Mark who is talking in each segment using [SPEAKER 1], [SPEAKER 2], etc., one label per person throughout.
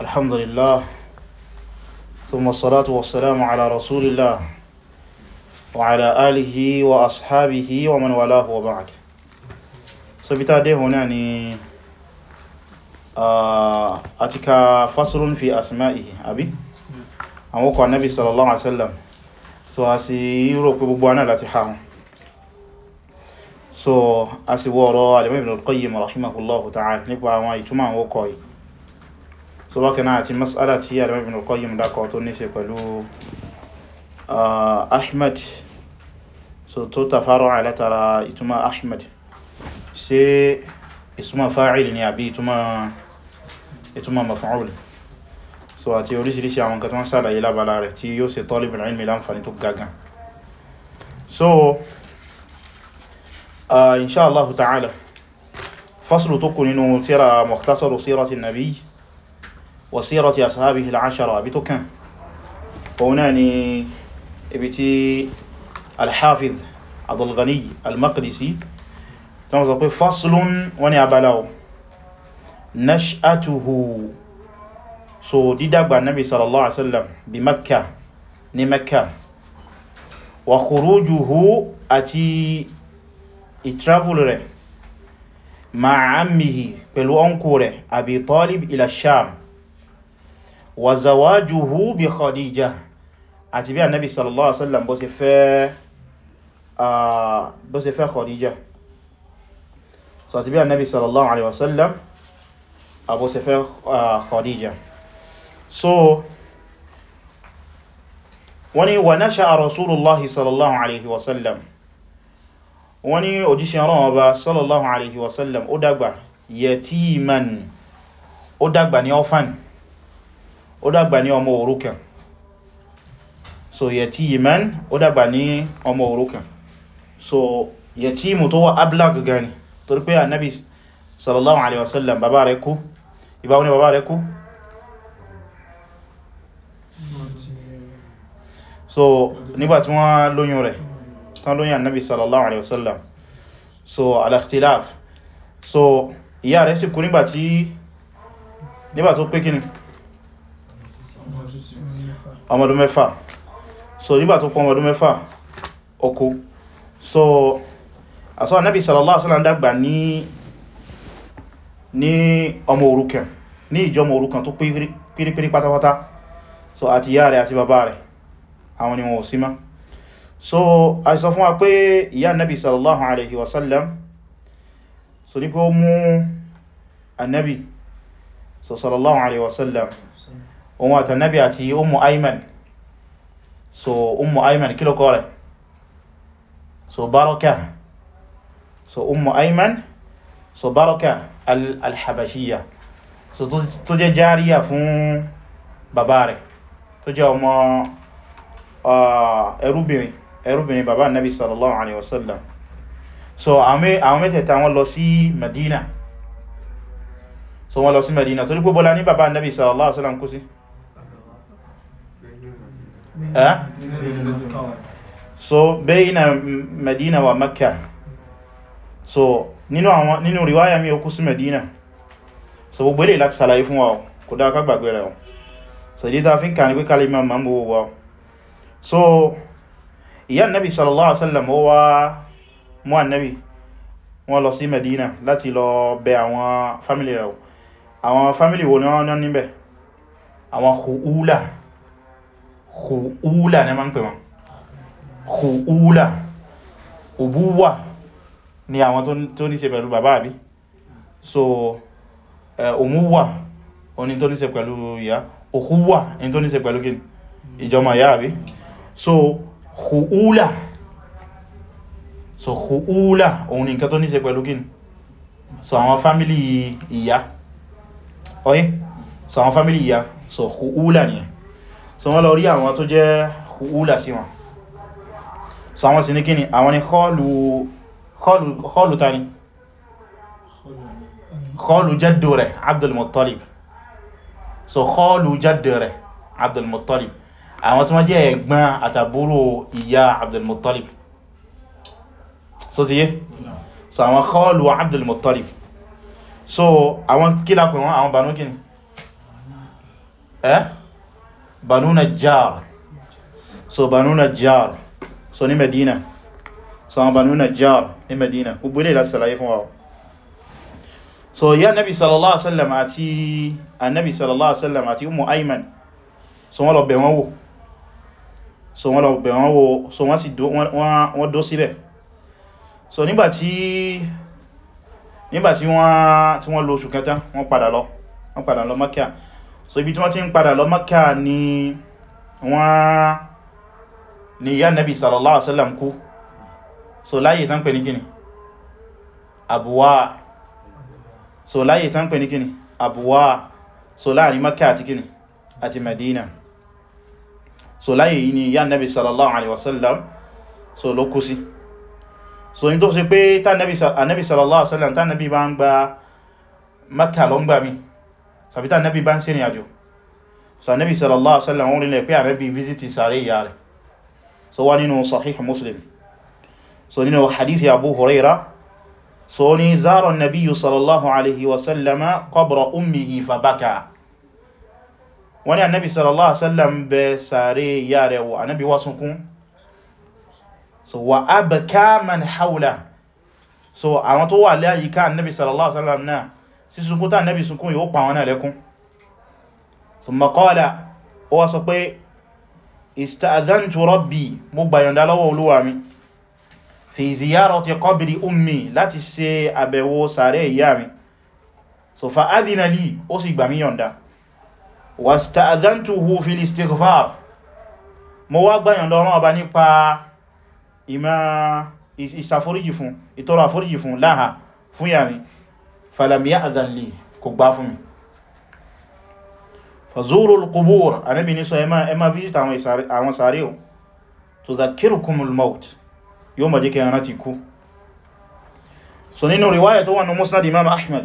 [SPEAKER 1] الحمد لله ثم الصلاة والسلام على رسول الله وعلى آله وأصحابه ومن والاه وبعد سبتا دي هنا ني أتكا فصل في أسمائه أبي أموك النبي صلى الله عليه وسلم سو a sì rò pé gbogbo aná láti ha so a sì wọ́ ọ̀rọ̀ alimọ́ ibn al so wákaná àti mas'ala tí alimam ibn al-qayyim dákọ̀ tó níṣe pẹ̀lú uh, ahmed so tó tafaro alátara ìtumọ̀ ahmed ṣe ìtumọ̀ fa'il ni àbí ìtumọ̀ maf'ul so àti oríṣiríṣi àwọn nǹkan tó ń sàlàyé lábala rẹ̀ tí yóò ṣe talibul ilmi láǹfàní tó gagan so uh, inṣáàláhù ta'ala faslu tó kù nínú tíra mukhtasaru sírati nabi وسيرة أصحابه العشرة بتوكان وناني ابتي الحافظ عبد الغني المقدسي تنظر فصل وني أبلاو نشأته صديد النبي صلى الله عليه وسلم بمكة نمكة وخروجه أتي إترافلره مع عمه بلو أنكوره أبي طالب إلى الشام wa zawajuhu bi khadija àti bí annabi sallallahu alaihi wasallam bó ṣe fẹ́ bó ṣe fẹ́ khadija so àti bí annabi sallallahu alaihi wasallam bó ṣe fẹ́ khadija so wani wa nasha'a rasulullahi sallallahu alaihi wasallam wọ́n òjíṣẹ́ ọlọ́run ọba sallallahu alaihi wasallam ó dàgbà yetiman ó dàgbà ní orphan ó dàgbà ní ọmọ òrukàn so yatiman ó dàgbà ní ọmọ òrukàn so yatimu tó wà ablag gani torí pé annabi sallallahu alaihi wasallam bàbá rẹ̀ kú ìgbà wo ni bàbá rẹ̀ kú so nígbàtí wọ́n lóyún rẹ̀ tán lóyún annabi sallallahu alaihi wasallam so al-ikhtilaf so ìyá rẹ̀ sì kú nígbàtí nígbàtí ó pé kíni ọmọdún mẹ́fà so nígbà tó pọ̀ ọmọdún mẹ́fà ọkọ so aso anabi sallallahu alaihi wasallam dàgbà ní ní ọmọ òrukàn ní ìjọ ọmọ òrukàn tó pírípírí pátápátá so àti ìyá rẹ̀ àti bàbá rẹ̀ àwọn ni wọn ò sí mọ́ so a sọ fún wa pé ìyá anábi sallallahu alaihi wasallam so ní pé ó mú anábi so sallallahu alaihi wasallam òun àtànábì àti Ummu Ayman so Ummu Ayman kí lọ́kọ́ rẹ̀ so Baraka so Ummu Ayman so Baraka al so tó jẹ́ járíyà fún bàbá rẹ̀ tó jẹ́ ọmọ ẹrúbìnrin ẹrúbìnrin bàbá nabi sallallahu alaihi wasallam so àwọn mẹ́tẹ̀ẹ̀ta wọ́n lọ sí Madina so wọ́n lọ sí Madina torí pé bọ́lá ní bàbá nabi sallallahu alaihi wasallam kú sí so bayna medina wa makka so nínú àwọn nínú riwaya mi ó kú sí medina so gbogbo ilé láti ṣàlàyé fún wa o kò dá ká gbàgbé rẹ̀ o so ìdí ta fi ń kà ní pé kálí ma ma ń gbogbo wa so ìyá annabi sallallahu alaihi wasallam ó wá mú annabi wọ́n lọ sí medina láti lọ bẹ̀ àwọn family rẹ̀ àwọn family wo ni wọ́n níbẹ̀ àwọn khuula khu'ula ní ma ń pè wọn ubuwa ni àwọn tó ní ṣe pẹ̀lú bàbá àbí so umuwa oní tó ní ṣe pẹ̀lú ìyá ukhuwa ní tó ní ṣe pẹ̀lú kí ìjọmọ̀ ìyá àbí so khu'ula so khu'ula òun ni nǹkan tó ní ṣe pẹ̀lú kí so àwọn fámílì ìyá oye, so àwọn fámílì ìyá so khu'ula nìyẹn so wọ́n lọ rí àwọn tó jẹ́ húlà sí wọn so àwọn sì ní kíni àwọn ni kọlù tani kọlù jaddo rẹ̀ abdulmuttalib so kọlù jaddo rẹ̀ abdulmuttalib àwọn tí wọ́n jẹ́ ẹ̀gbọ́n àtàbúrò ìyá abdulmuttalib so ti yé so àwọn kọlù abdulmuttalib so àwọn kílá pè àwọn banú kíni eh banu najjar so banu najjar so ní medina so àwọn banu najjar ní medina gbogbo ilé láti sàlàyé fún wa so ya nabi sallallahu alaihi wasallam àti annabi sallallahu alaihi wasallam àti umu aiman so wọ́n lọ bẹ̀ wọ́n wò so wọ́n lọ bẹ̀ wọ́n wò so wọ́n sì wọ́n dó síbẹ̀ so nígbàtí nígbàtí wọ́n tí wọ́n lò oṣù kẹta wọ́n padà lọ wọ́n padà lọ Mákà so ibi tí wọ́n ti ń padà lọ Mákkà ni wọ́n ni ya nabi sallallahu alaihi wasallam kú so láyé tán pè ní gini abuwa so láyé tán pè ní gini abuwa so láàrin Mákkà àti gini àti Madina so láyé yìí ni ya nabi sallallahu alaihi wasallam so ló kú sí so ní tó fi pé tá nabi sallallahu alaihi wasallam tá nabi bá ń gba Mákkà lọ ń sàbítà nẹ́bí bá ń ṣe ìrìnàjò so nẹ́bí sallallahu alaihi wasallam wọn rílẹ̀ pé àrẹ́bí visiti sàárè ìyá rẹ̀ so wá nínú sahih muslim so nínú hadithi abu huraira so ni zara nabiyyu sallallahu alaihi wasallama qabra ummihi fabaka baka wani annabi sallallahu alaihi wasallam bẹ sàárè ìyá wò annabi wá so wa abka man hawla so àwọn tó wà láyìíká annabi sallallahu alaihi wasallam náà sí sunkún tán nẹ́bí sunkún yóò pa wọn náà lẹ́kún thumma qala ó wá sọ pé ista'adhantu rabbi mo gbàyànda lọ́wọ́ olúwa mi fi ziyarati qabri ummi láti ṣe àbẹ̀wò sàárẹ̀ ìyá mi so fa adhina li ó sì gbà mí yọ̀nda wasta'adhantuhu fil istighfar mo wá gbàyànda ọ̀rọ̀ ọba nípa ìmá ìsàforíjì fún ìtọrọ àforíjì fún láhà fún yà mi falam ya'dhan li kò gbà fún mi fazuru al-qubur Ànábì ní so ẹ máa visit àwọn sàréè o tuzakirukum al-maut yóò máa jẹ́ kí ẹ rántí ikú so nínú riwaya tó wà ní musnad imam ahmad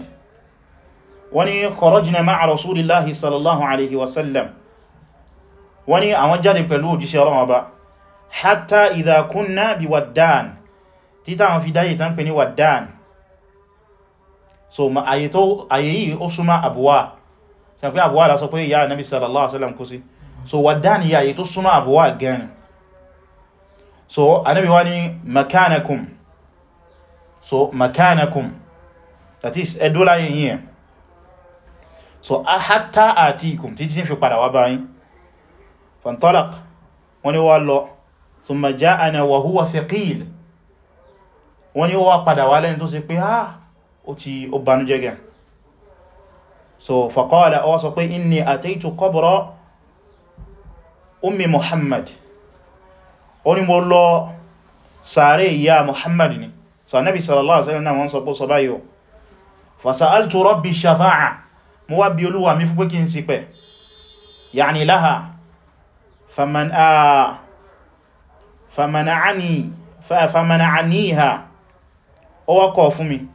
[SPEAKER 1] wani kharajna ma'a rasulillahi sallallahu alaihi wasallam wani àwọn jáde pẹ̀lú òjíṣẹ́ Ọlọ́run Ọba hatta idha kunna bi waddan fi dáyé tán pè ní waddan so to àyè yìí ó súnmọ́ àbúwà ṣe pé àbúwà lásọ pé ìyá nabi sallallahu alaihi wasallam kú sí so wàdá ni àyè to súnmọ́ abuwa gan so anabi wá ní makanakum so makanakum that is ẹdúlá yìí yẹn so hatta atikum títí fi padà wá báyìí fantalaq wọ́n ní wá lọ thumma ja'ana wa huwa thaqil wọ́n ní wá padà wá lẹ́ni tó sì pé ah ó ti ó banújẹ́ gẹ̀ so faqala ó sọ pé inni ataitu qabra ummi muhammad ó ní mo lọ sàárè ìyá muhammad ni so anábi sallallahu alaihi wasallam wọ́n sọ pé sọ báyìí fasa'altu rabbi shafa'a mo wá bi olúwa mi fún pé kí n ṣìpẹ̀ ya'ni laha ó wá fún mi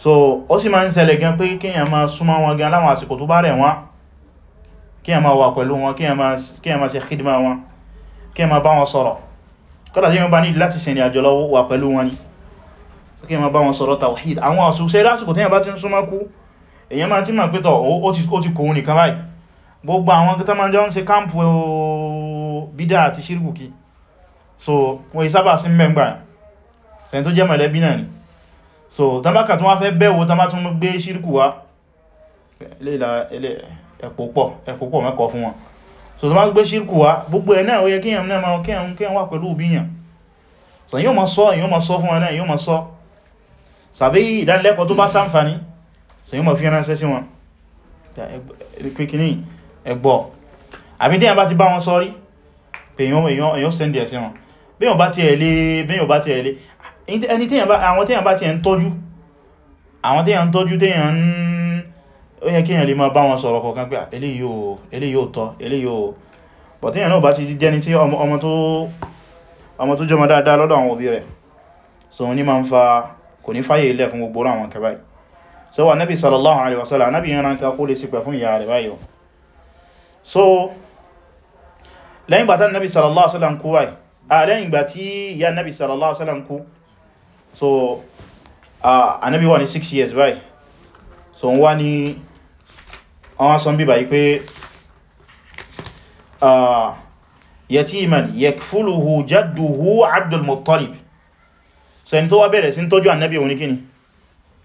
[SPEAKER 1] so ó sì máa ń ṣẹlẹ̀ gan pé kíyàn máa súnmọ́ wọn gan láwọn àsìkò tó bá rẹ̀ wọ́n kíyàn máa wà pẹ̀lú wọn kíyàn máa ṣe khidma wọn kíyàn máa bá wọn sọ̀rọ̀ kọ́dà tí wọ́n bá ní láti ṣe ní àjọ lọ́wọ́ wà pẹ̀lú wọn ni kíyàn máa bá wọn sọ̀rọ̀ tawhid àwọn àsùsẹ́ lásìkò tíyàn ba ti ń súnmọ́ kú èyàn máa ti máa pé tọ̀ ó ti kòun nìkan báyìí gbogbo àwọn kẹta máa jọ ń ṣe káàmpù bídá àti ṣírkùkì so wọ́n ìsábà sí mẹ́gbà sẹ́ni tó jẹ́ mọ̀lẹ́bí náà ni so tamaka tún wá fẹ́ bẹ̀wò tamá tún gbé ṣírkù wá ẹ̀pọ̀pọ̀ mẹ́kọ̀ fún wọn so tamá gbé ṣírkù wá gbogbo ẹ̀ náà ó yẹ kíyàn náà kíyàn wà pẹ̀lú òbíyàn so yíò ma sọ yíò ma sọ fún wọn náà yíò ma sọ sàbí ìdánilẹ́kọ̀ọ́ tó bá sáǹfàní so yíò ma fi ránṣẹ́ sí wọn ẹgbọ́ àbí tí a bá ti bá wọn sọ rí pé èyàn sẹ́ndì ẹ̀ sí wọn bí yóò bá ti ẹ̀lé ẹni tí àwọn tí bá ti ẹ̀ ń tọ́jú àwọn tí ẹ̀ ń tọ́jú tí ẹ̀ ń ó yẹ kí èyàn lè máa bá wọn sọ̀rọ̀ kọ̀ọ̀kan pé eléyìí ò tọ́ eléyìí ò but èyàn náà bá ti jẹ́ ní tí ọmọ tó jọmọ dáadáa lọ́dọ̀ àwọn òbí rẹ̀ so ní ma ń fa kò ní fàyè ilẹ̀ fún gbogbo àwọn kẹbàí so wà nábi sallallahu alaihi wasallam nábi yẹn ránká kó lè sí pẹ̀ so so ah, Ànábì wà ní 6 years báyìí so n wá ní àwọn sọ bí báyìí pé ah, yatiman yakfuluhu jadduhu Abdul Muttalib so ẹni to wá bẹ̀rẹ̀ sí tọ́jú Ànábì òun ní kíni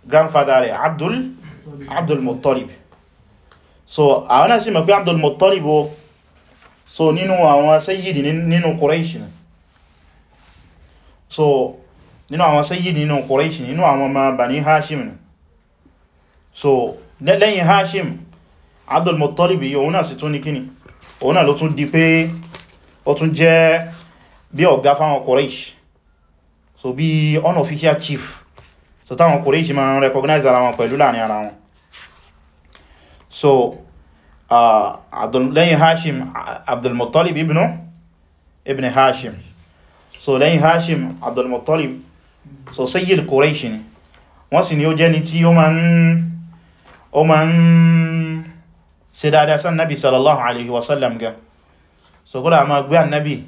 [SPEAKER 1] grandfather rẹ̀ Abdul Abdul Muttalib so àwọn náà sì mọ̀ pé Abdul Muttalib o so nínú àwọn sayyidi nínú Quraish so nínú àwọn sayyid nínú Quraish nínú àwọn ọmọ Bani Hashim ni so lẹ́yìn Hashim Abdul Muttalib yìí òun náà sì tún ní kíni òun náà ló tún di pé ó tún jẹ́ bí ọ̀gá fáwọn Quraish so bí unofficial chief so táwọn Quraish ma ń recognize ara wọn pẹ̀lú láàrin ara wọn so lẹ́yìn Hashim Abdul Muttalib ibn ibn Hashim so lẹ́yìn Hashim Abdul Muttalib so sayyid Quraishi ni wọ́n sì ni ó jẹ́ ni tí ó ma ń ṣe dáadáa sán nabi sallallahu alaihi wasallam ga so kúrò ma gbé annabi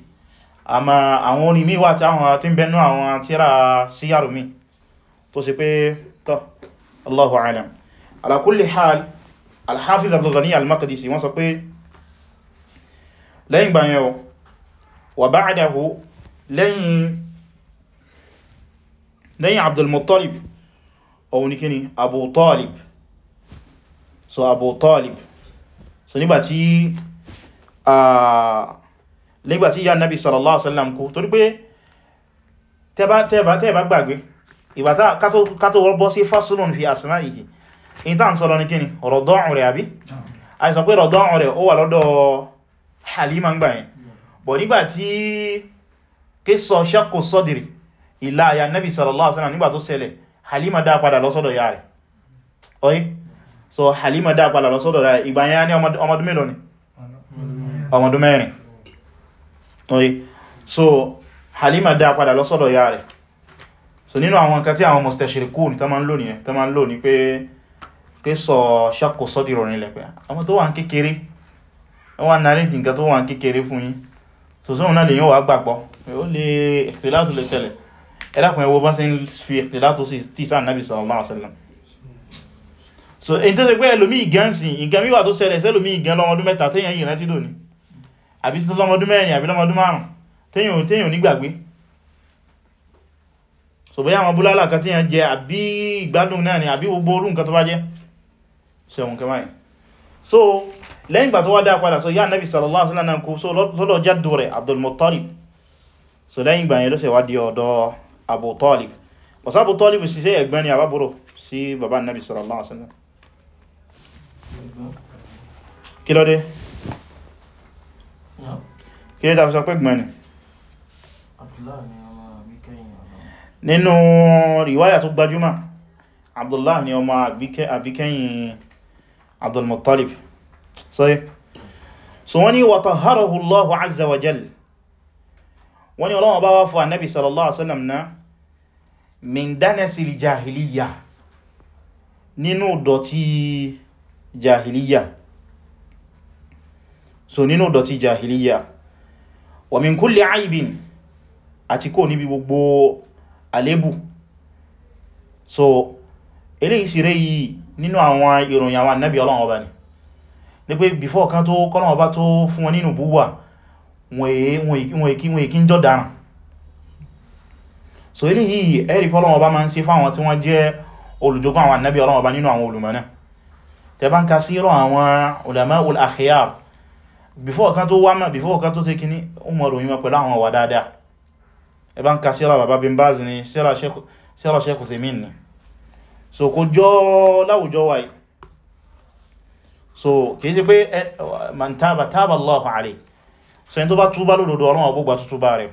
[SPEAKER 1] àmà àwọn orin míwà tí àwọn tí ń bẹnu àwọn tíra síyàrù mi tó sì pé tọ́ Allahu alam ala kulli hal al-Hafiz Abdul Ghani al-Maqdisi wọ́n sọ pé lẹ́yìn gbàyẹ̀wò lẹ́yìn lẹ́yìn abdulmuttalib òun ni kí ni abu talib so abu talib so nígbàtí nígbàtí ya nabi sallallahu alaihi wasallam kú torí pé tẹ́bà tẹ́bà gbàgbé ìbàtà kátó wọ́bọ́ sí fasulun fi asma'ihi in ta n sọ́lọ ní kí ni rọ̀dọ́ọ̀n rẹ̀ àbí a sọ pé rọ̀dọ́ọ̀n rẹ̀ ó wà lọ́dọ̀ halima gbà yẹn bọ̀ nígbàtí kí sọ ṣakò sọ́dìrì ìláyà nẹ́bì sallallahu alaihi wasallam nígbà tó ṣẹlẹ̀ halima dá padà lọ́sọ́dọ̀ ya rẹ̀ oye so halima dá padà lọ́sọ́dọ̀ rẹ̀ ìgbà yẹn ní ọmọdún mélòó ni ọmọdún mẹ́rin oye so halima dá padà lọ́sọ́dọ̀ ya rẹ̀ so nínú àwọn nǹkan tí àwọn mustashirikun ní tán ń lò ní pé tí sọ ṣakò sọ́dìrò nílẹ̀ pé àwọn tó wà ń kékeré so sóhun náà lè yíò wà gbàgbọ́ ó lè ìtìlátù lè ṣẹlẹ̀ ẹ̀dàkùn ẹwọ bá sí ń fi ìtìlátò sí tísà nábi sallallahu alaihi wasallam so èyí tó ṣe pé ẹlòmí ìgán sí ìgán míwà tó ṣẹlẹ̀ sẹ́lòmí ìgán lọ́mọdún mẹ́ta tẹ́yàn yìí rántí dòní àbí sí lọ́mọdún mẹ́rin àbí lọ́mọdún márùn tẹ́yàn tẹ́yàn nígbàgbé so bóyá àwọn búlálà kan tẹ́yàn jẹ àbí ìgbádùn náà ni àbí gbogbo orú nǹkan tó bá jẹ́ sẹ́wọ̀n kẹwàá so lẹ́yìn ìgbà tó wá dáa padà so yá nabi sallallahu alaihi wasallam kú so lọ́lọ́ jádù rẹ̀ Abdul Muttalib so lẹ́yìn ìgbà yẹn ló ṣe wá di ọ̀dọ̀ Abu Talib but Abu Talib sì ṣe ẹ̀gbọ́n ni àbábúrò sí bàbá Nabi sallallahu alaihi wasallam kí ló dé kí ló dé sọ pé ẹ̀gbọ́n ni nínú riwaya tó gbajúmọ̀ Abdullah ni ọmọ àbíkẹ́yìn Abdul Muttalib sọ́yí so wọ́n ni wa tahharahu Allahu azza wa jalla wọ́n ni Ọlọ́run bá wá fún annabi sallallahu alaihi wasallam náà min danasil jahiliya nínú dọ̀tí jahiliya so nínú doti jahiliya wa min kulli aibin àti kò níbi gbogbo àlébù so ele sì rẹ̀ yìí nínú àwọn ìròyìn àwọn annabi Ọlọ́run ọba ni ní pé before kan tó kọ́lọ̀wọ́ bá tó fún wọn nínú búwà wọn èkí ń jọ dáràn so eléyìí ẹ̀rí pọ́lọ́wọ́ bá máa ń ṣe fáwọn tí wọ́n jẹ́ olùjogún àwọn annabi Ọlọ́run bá nínú àwọn olùmọ̀ tẹbá ń ka sí rọ àwọn ulama al-akhyar before kan tó wá mẹ́ before kan tó ṣe kíní umaru yíwa pẹ̀lú àwọn wà dáadáa ẹbá ń ka sí rọ bàbá bin Baz so kò jọ láwùjọ so kìí ṣe pé man taba so yẹn tó bá túbá lódòdó Ọlọ́run ọgbọ́gbà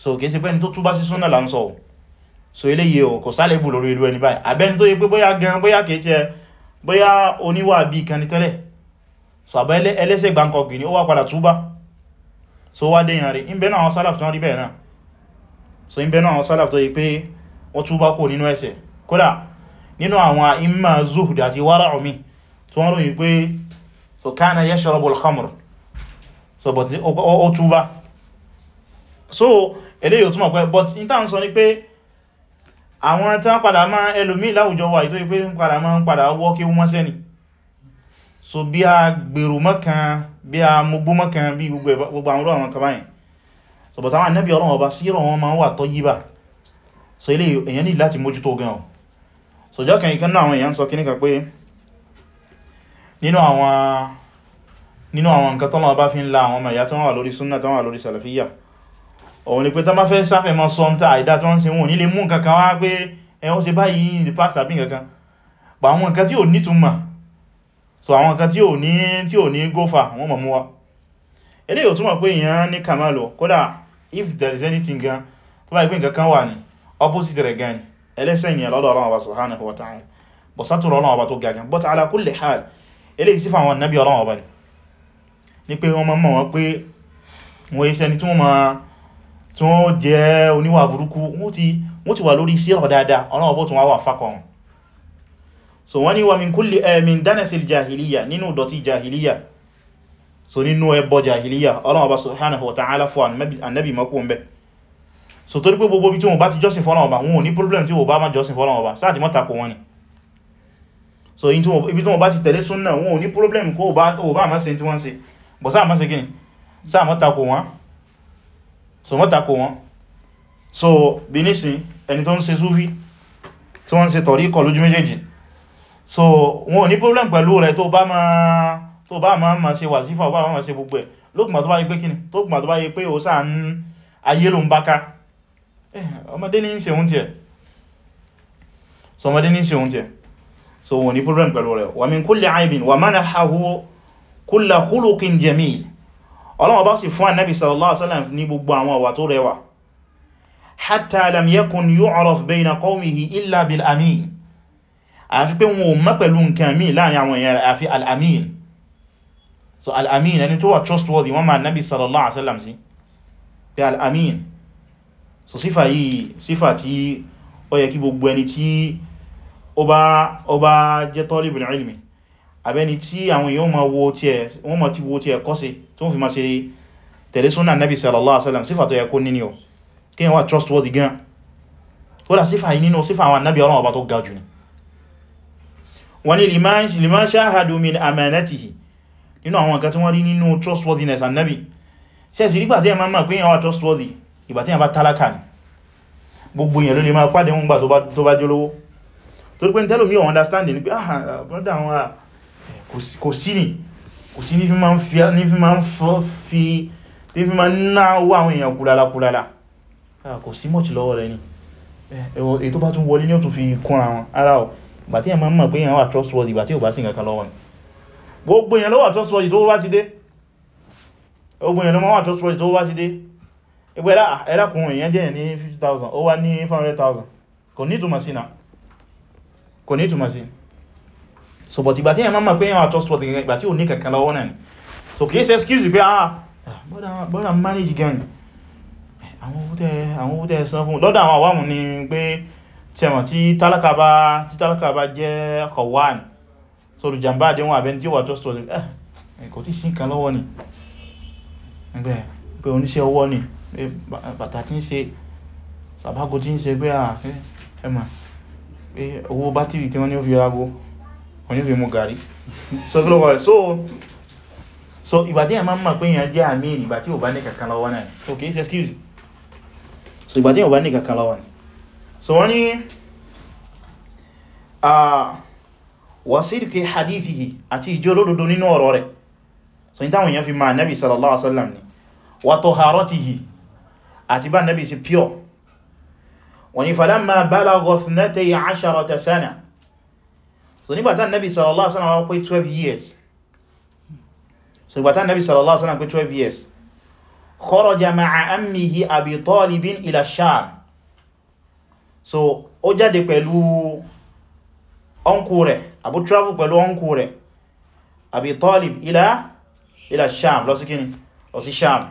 [SPEAKER 1] so kìí ṣe pé ẹni tó túbá sí súnà là ń sọ so eléyìí o kò sálébù lórí irú ẹni báyìí àbẹ́ni tó yẹ pé bóyá gan bóyá kìí tẹ bóyá oníwà bí kan ní tẹ́lẹ̀ so àbẹ́ ẹlẹ́sẹ̀ gbáǹkọ̀ gbìní ó wá padà túbá so wá dé yàn rí ń bẹ́nà àwọn sálàf tó rí bẹ́ẹ̀ náà so ń bẹ́nà àwọn sálàf tó yẹ pé wọ́n túbá kò nínú ẹ̀ṣẹ̀ kódà nínú àwọn imma zuhud àti wara omi tó wọ́n ròyìn pé so kana yashrabu al-khamr so but ó túbá so eléyìí ò túnmọ̀ pé but in ta ń sọ ní pé àwọn tán padà máa ẹlòmí láwùjọ wà ìtò ìpé padà máa ń padà wọ́ wọ́n sẹ́ni so bí a gbèrò mọ́kan bí a mugbó mọ́kan bí gbogbo àwọn àwọn kàbáyìn so but àwọn ànábì Ọlọ́run ọba sí ìrọ̀ wọn máa wà tọ́ yíbà so ilé èyàn ní láti mójútó so jọ́ kan ìkan náà àwọn èyàn fi ń la àwọn ọmọ ìyá tó wà lórí súnnà tó wà lórí sàlàfíyà òun ni pé tán bá fẹ́ sáfẹ́ mọ́ sọ́ntà àìdá tó ń ṣe wọn nílé mú nǹkan wá pé ẹ̀hún ṣe báyìí in the past àbí nǹkan pa àwọn nǹkan tí ò ní túnmà so àwọn nǹkan tí ò ní tí ò ní gófà wọ́n mọ̀ mú wá eléyìí ò pé èèyàn ní kàmálò kódà if there is anything gan tó bá yí nǹkan wà ní opposite rẹ̀ gan ẹlẹ́sẹ̀ ìyẹn lọ́dọ̀ Ọlọ́run Ọba subhanahu wa ta'ala bọ̀ sátúrọ̀ Ọlọ́run Ọba tó ga gan but ala kulli hal eléyìí sífà àwọn nàbí Ọlọ́run Ọba ni pé wọ́n mọ̀ wọ́n pé wọ́n iṣẹ́ ni tí wọ́n máa tí wọ́n jẹ́ oníwà burúkú wọ́n ti wà lórí síra dáadáa ọ̀nà ọ̀bọ̀ tún wá wà fákọ̀ọ̀n so wọ́n ni wà min kulli eh, min danasil jahiliya nínú dọ̀tí jahiliya so nínú ẹbọ jahiliya ọlọ́wọ́ bá subhanahu wa ta'ala fún annabi mọ́kún bẹ́ so torí pé gbogbo bí tí wọ́n bá ti jọ́sìn fọ́nà ọba wọn ò ní problem tí wọ́n bá má jọ́sìn fọ́nà ọba sáà ti mọ́ta kò wọ́n ni so ibi tí wọ́n bá ti tẹ̀lé súnnà wọn ò ní problem kó wọ́n bá má ṣe tí wọ́n ṣe bọ̀ sáà má ṣe gini sáà mọ́ta kò wọ́n so wọ́n takò wọn so bí nísìn ẹni tó ń ṣe súfí tí wọ́n ń ṣe tọ̀rí kọ lójú méjèèjì so wọn ò ní problem pẹ̀lú rẹ̀ tó bá máa tó bá máa ma ṣe wàsífà ó bá máa ṣe gbogbo ẹ̀ lókùnmà tó bá yẹ pé kíni tó kùnmà tó bá yẹ pé ó sáà ayé ló ń bá ká eh, ọmọdé ní ṣe oúnjẹ so ọmọdé ní ṣe oúnjẹ so wọn ní problem pẹ̀lú rẹ̀ wa min kulli Ọlọ́run bá sì fún annabi sallallahu alaihi wasallam ní gbogbo àwọn àwà tó rẹwà hatta lam yakun yu'raf bayna qawmihi illa bil amin àfi pé wọn ò mọ̀ pẹ̀lú nǹkan láàrin àwọn èèyàn àfi al so al amin ẹni trustworthy wọ́n ma annabi sallallahu alaihi wasallam sí pé so sífà yìí sífà tí ó yẹ kí gbogbo àbẹ́ni tí àwọn èèyàn wọ́n ma ti wo ti ẹ̀kọ́ sí tó fi ma ṣe tẹ̀lé nẹ́bí sallallahu alaihi wasallam sífà tó yẹ kó níní ọ kí wọ́n trustworthy gan ó dá sífà yìí nínú sífà àwọn nẹ́bí ọlọ́wọ́ bá tó ga jù ní wọ́n ni liman shahadu min amanatihi nínú àwọn nǹkan tí wọ́n rí trustworthiness annabi ṣe sì rígbà tí ẹ máa trustworthy ìgbà tí yẹn bá tálákà ní gbogbo yẹn ló lè máa pàdé wọn gbà tó bá understanding ah brother wọn kò sí ní kò sí ní fi máa ń fi tí fi máa ń náwó àwọn èèyàn kùlàlà kùlàlà ah, kò sí mọ̀tí lọ́wọ́ rẹ̀ ni eh, èyí tó bá tún wọlé ní ó tún fi kún àwọn ara ọ̀ ìgbà tí èèyàn máa mọ̀ pé èèyàn wà trustworthy ìgbà tí ò bá sí nǹkan lọ́wọ́ ni gbogbo èèyàn ló wà trustworthy tó bá ti dé gbogbo èèyàn ló wà trustworthy tó bá ti so but ìgbà tí èyàn máa pé èyàn wà trustworthy ìgbà tí ò ní kankan lọ́wọ́ náà ni so kìí ṣe excuse pé ah, ah brother manage gan àwọn owó tẹ́ san fún lọ́dọ̀ àwọn àwámù ni pé tẹ̀wọ̀n tí tálákà bá jẹ́ kọ̀wán so jàmbá àdéhùn àbẹ́ni tí wà trustworthy ah, kò tí sí nǹkan lọ́wọ́ ni pé oníṣẹ́ ọwọ́ ni bàtà tí ń ṣe sàbákò tí ń ṣe pé àà ah, ẹmà pé owó bátìrì tí wọ́n ní ó fi rago kò ní fi mú gàrí so kí ló kọ̀ so so ìgbà tí ẹ̀mà mọ̀ pé èyàn jẹ́ àmìn ìgbà tí ò bá ní kankan lọ́wọ́ náà so kìí ṣe excuse so ìgbà tí ò bá ní kankan lọ́wọ́ ni so wọ́n ni wasidki hadithihi àti ìjọ lódodo nínú ọ̀rọ̀ rẹ̀ so ní táwọn èyàn fi máa nabi sallallahu alaihi wasallam ni wa taharatihi àti bá pure wọ́n ni falamma balagha ithnatay asharata so nígbàtá nabi sallallahu alaihi wasallam pé 12 years so nígbàtá nabi sallallahu alaihi wasallam pé 12 years kharaja ma'a ammihi abi talibin ila sham so ó jáde pẹ̀lú ọnkù abu travel pẹ̀lú ọnkù abi talib ila ila sham lọ sí kíni lọ sí sham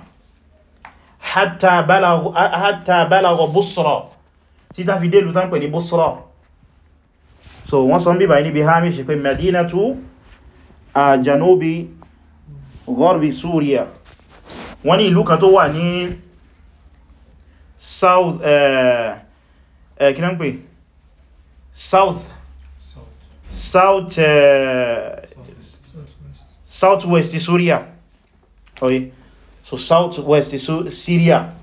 [SPEAKER 1] hatta balagha hatta balagha busra títà fi délù tan pẹ̀ ní busra so wọ́n sọ bíbà níbi hamish pé madinatu a janobi gharbi Suriya wọ́n ní ìlú kan tó wà ní south eh, eh kí náà ń pè south south eh, west Suriya oye so south west Syria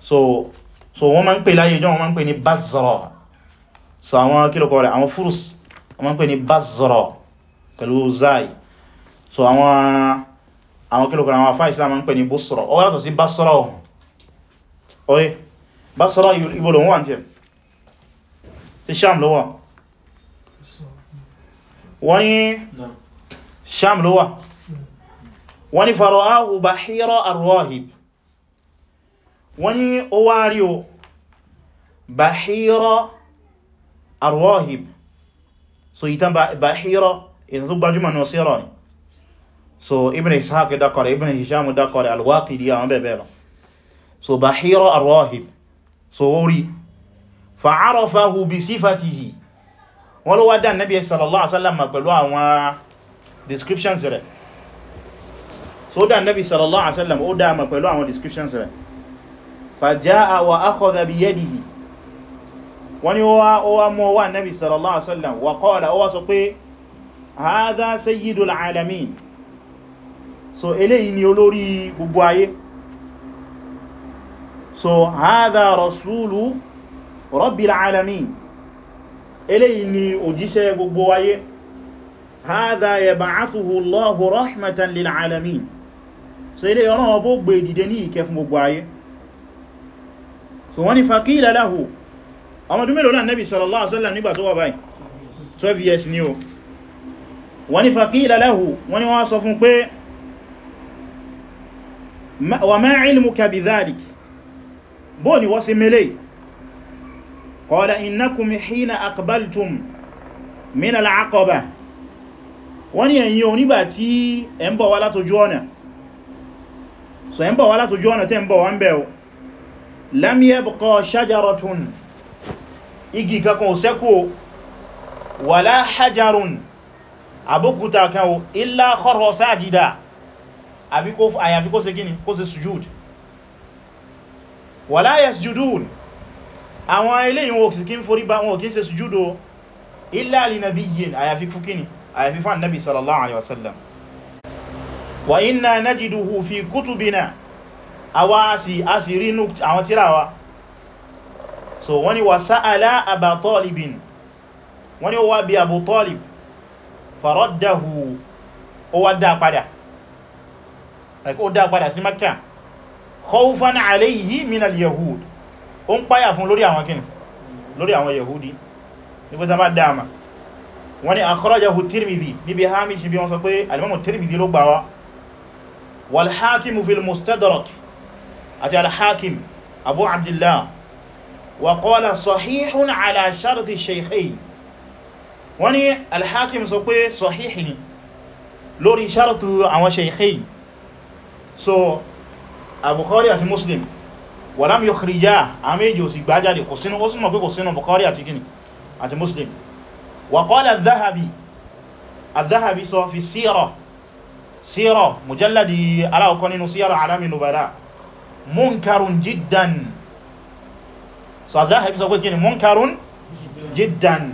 [SPEAKER 1] so so wọ́n máa ń pè láyé jọ wọ́n máa ń pè ní Basra so àwọn kílùkọ rẹ̀ àwọn fúrùs wọ́n pè ní Basra pẹ̀lú zai so àwọn àwọn kílùkọ àwọn afá Islam wọ́n pè ní Busra ó yàtọ̀ sí Basra oye Basra ibo lòun wà ní ẹ̀ tí Sham ló wà wọ́n ní Sham ló wà wọ́n ní fara'ahu bahira arwahib wọ́n ní ó wá rí o arwahib so ìtàn bahira ìtàn tó gbajúmọ̀ ní ọsíra ni so ibn ishaq dákọrẹ̀ ibn hisham dákọrẹ̀ alwaqidi àwọn bẹ̀bẹ̀ lọ so bahira arwahib so orí fa'arafahu bi sífàtihì wọ́n ló wá dá nabi sallallahu alaihi wasallam pẹ̀lú àwọn descriptions rẹ̀ so dá nabi sallallahu alaihi wasallam ó dá ma pẹ̀lú àwọn descriptions rẹ̀ faja'a wa akhadha bi yadihi wọ́n ni ó wá mọ́ wà nábi sallallahu alaihi wasallam wa qala ó wá sọ pé hadha sayyidul alamin so eléyìí ni olórí gbogbo ayé so hadha rasulu rabbil alamin eléyìí ni òjíṣẹ́ gbogbo ayé hadha yab'athuhu Allahu rahmatan lil alamin so eléyìí so wọ́n ni faqila lahu àwọn ọdún mélòó lánàbí sallallahu alaihi wasallam nígbà tó wà báyìí 12 years ni o wọ́n ni faqila lahu wọ́n ni wọ́n sọ fún pé wa ma ilmuka bidhalik bó ni wọ́n sí mele qala innakum hina aqbaltum min al-aqaba lam yabqa shajaratun igi kankan ò ṣẹ́kù o wàlá hajjarun àbókúta kan o illa kharra sajida àyàfi kó ṣe gíní kó ṣe sujúd wàlá yasjudun àwọn eléyìn wọn kì í forí ba wọn kì í ṣe sujúd o illa li nabiyyin àyàfi fúkíní àyàfi fún annabi sallallahu alaihi wasallam wa inna so wọ́n ni wasa'ala Aba Talibin wọ́n ni ó wá bí Abu Talib faraddahu ó wá dá padà like ó dá padà sí Makkah khawfan alayhi min al-yahud ó ń páyà fún lórí àwọn kíni lórí àwọn yahudi ní pé ta bá dáama wọ́n akhrajahu tirmidhi níbi hamish bí wọ́n sọ pé alimamu tirmidhi ló gbáwa walhakimu fil mustadrak àti alhakim abu abdillah wàkọ́lá sọ̀híhún aláṣàrìdì ṣeéhì wọ́n ni alhakim sọ pé sọ̀híhì ni lórí ṣàrìtù àwọn ṣeéhì so abukhari àti muslim wàlám yóò kìrìyà àmẹ́jì òsì gbájáde kò sínú ó súnmọ̀ pé kò sínú bukhari àti gini àti muslim wàkọ́lá zahabi al-zahabi sọ fi síra síra mujalladi aláwọ̀kọ́ nínú síra alamin nubala munkarun jiddan so azahabi sọ pé kí ni munkarun jiddan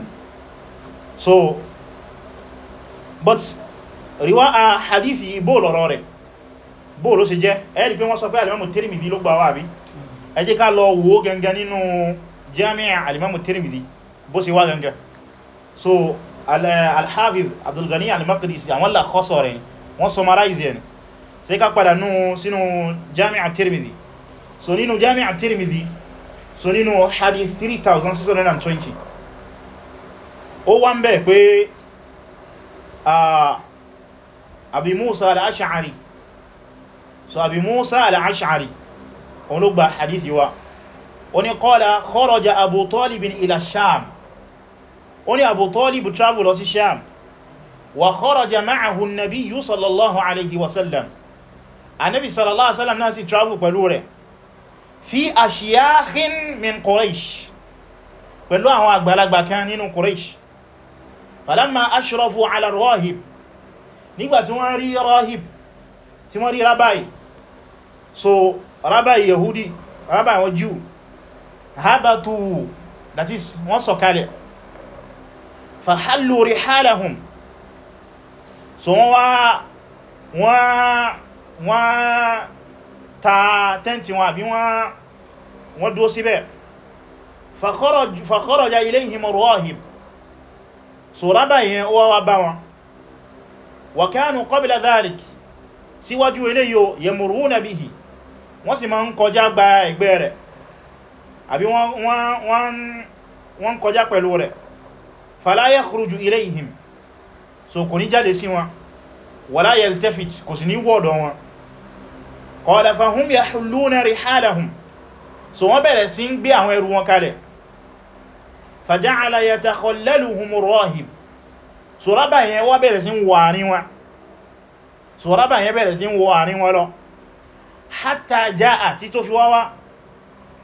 [SPEAKER 1] so but riwa a uh, hadithi bó lọ́rọ̀ rẹ̀ bó ló ṣe jẹ́ ẹ̀rí pé wọ́n sọ pé alimamu Tirmidhi ló gbà wá bí ẹ jẹ́ ká lọ wo gangan nínú jami'a alimamu Tirmidhi bó ṣe wá gangan so uh, alhafiz abdulgani al-Maqdisi àwọn lakọsọ rẹ̀ wọ́n summarize ẹni sai ká padà nú sínú jami'a Tirmidhi so nínú jami'a Tirmidhi so nínú hadith 3620 ó wá ń bẹ̀ pé àbí Musa al-Ash'ari so àbí Musa al-Ash'ari òun ló gba hadith yíwa ó ní qala kharaja Abu Talib ila Sham ó ní Abu travel lọ Sham wa kharaja ma'ahu an-nabiyyu sallallahu alayhi wasallam anabi sallallahu alayhi wasallam náà sì travel pẹ̀lú rẹ̀ fi ashiyakhin min quraish pẹ̀lú àwọn àgbàlagbà kan nínú quraish falamma ashrafu ala rahib nígbàtí wọ́n rí rahib tí wọ́n rí rabai so rabai yahudi rabai wọn jew habatu that is wọ́n sọ̀kalẹ̀ fahallu rihalahum so wọ́n wá wọ́n ta tẹ́ntì wọn àbí wọ́n dúó síbẹ̀ fakharaja ilayhim ar-rahib so rábà yẹn ó wá bá wọn wa kanu qabla dhalik síwájú eléyò yamuruna bihi wọ́n sì máa ń kọjá gba ẹgbẹ́ rẹ̀ àbí wọ́n kọjá pẹ̀lú rẹ̀ fala yakhruju ilayhim so kò ní jáde sí wọn wala yaltafit kò sì ní wọ́ọ̀dọ̀ wọn qala fahum yahulluna rihalahum so wọ́n bẹ̀rẹ̀ sí ń gbé àwọn ẹrù wọn kalẹ̀ faja'ala yatakhallaluhum rahib so rábà yẹn wọ́n bẹ̀rẹ̀ sí ń wọ àárín wọn so rábà yẹn bẹ̀rẹ̀ sí ń wọ àárín wọn lọ hatta ja'a tí tó fi wá wá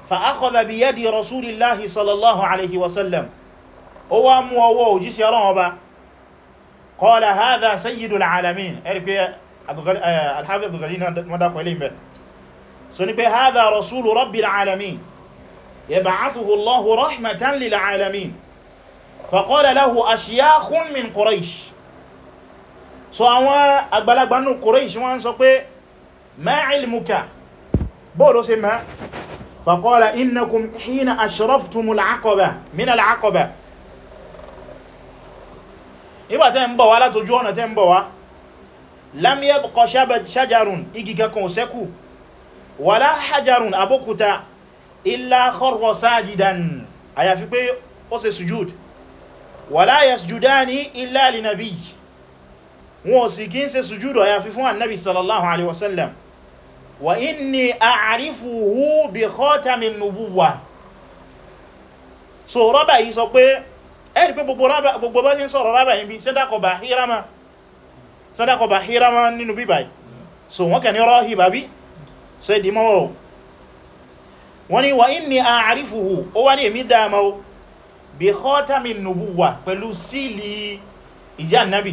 [SPEAKER 1] fa akhadha bi yadi rasulillahi sallallahu alaihi wasallam ó wá mú ọwọ́ òjíṣẹ́ ọlọ́wọ́ ba qala hadha sayyidul alamin ẹ̀rì pé alhafiz Bukhari náà wọ́n dákọ̀ ilé ìbẹ̀ so ní pé hadha rasulu rabbil alamin yab'athuhu Allahu rahmatan lil alamin faqala lahu ashyakhun min quraish so àwọn àgbàlagbà nínú quraish wọ́n sọ pé ma ilmuka ma faqala innakum hina ashraftumul aqaba min al aqaba nígbà tẹ́ ń bọ̀ wá látojú ọ̀nà lam yabqa shajarun igi kankan òsẹ́kù wala hajarun abókúta illa kharra sajidan àyàfi pé ó ṣe sujúd wala yasjudani illa li nabi wọn ò sì kí ń ṣe sujúd àyàfi fún annabi sallallahu alaihi wasallam wa inni a'rifuhu bi khatamin nubuwa so rọ́bà yìí sọ pé ẹ̀rì pé gbogbo bá ti ń sọ̀rọ̀ rọ́bà yìí bí sẹ́dàkọ̀ bá hírama sadaqa bahira ma nínú bíbáyìí so wọ́n kẹ ní rahiba bí so ìdí mọ́wọ́ wọ́n ni wà inni a'rifuhu ó wá ní èmi dáama ó bí khatamin nubuwa pẹ̀lú sílì ìjẹ́ annabi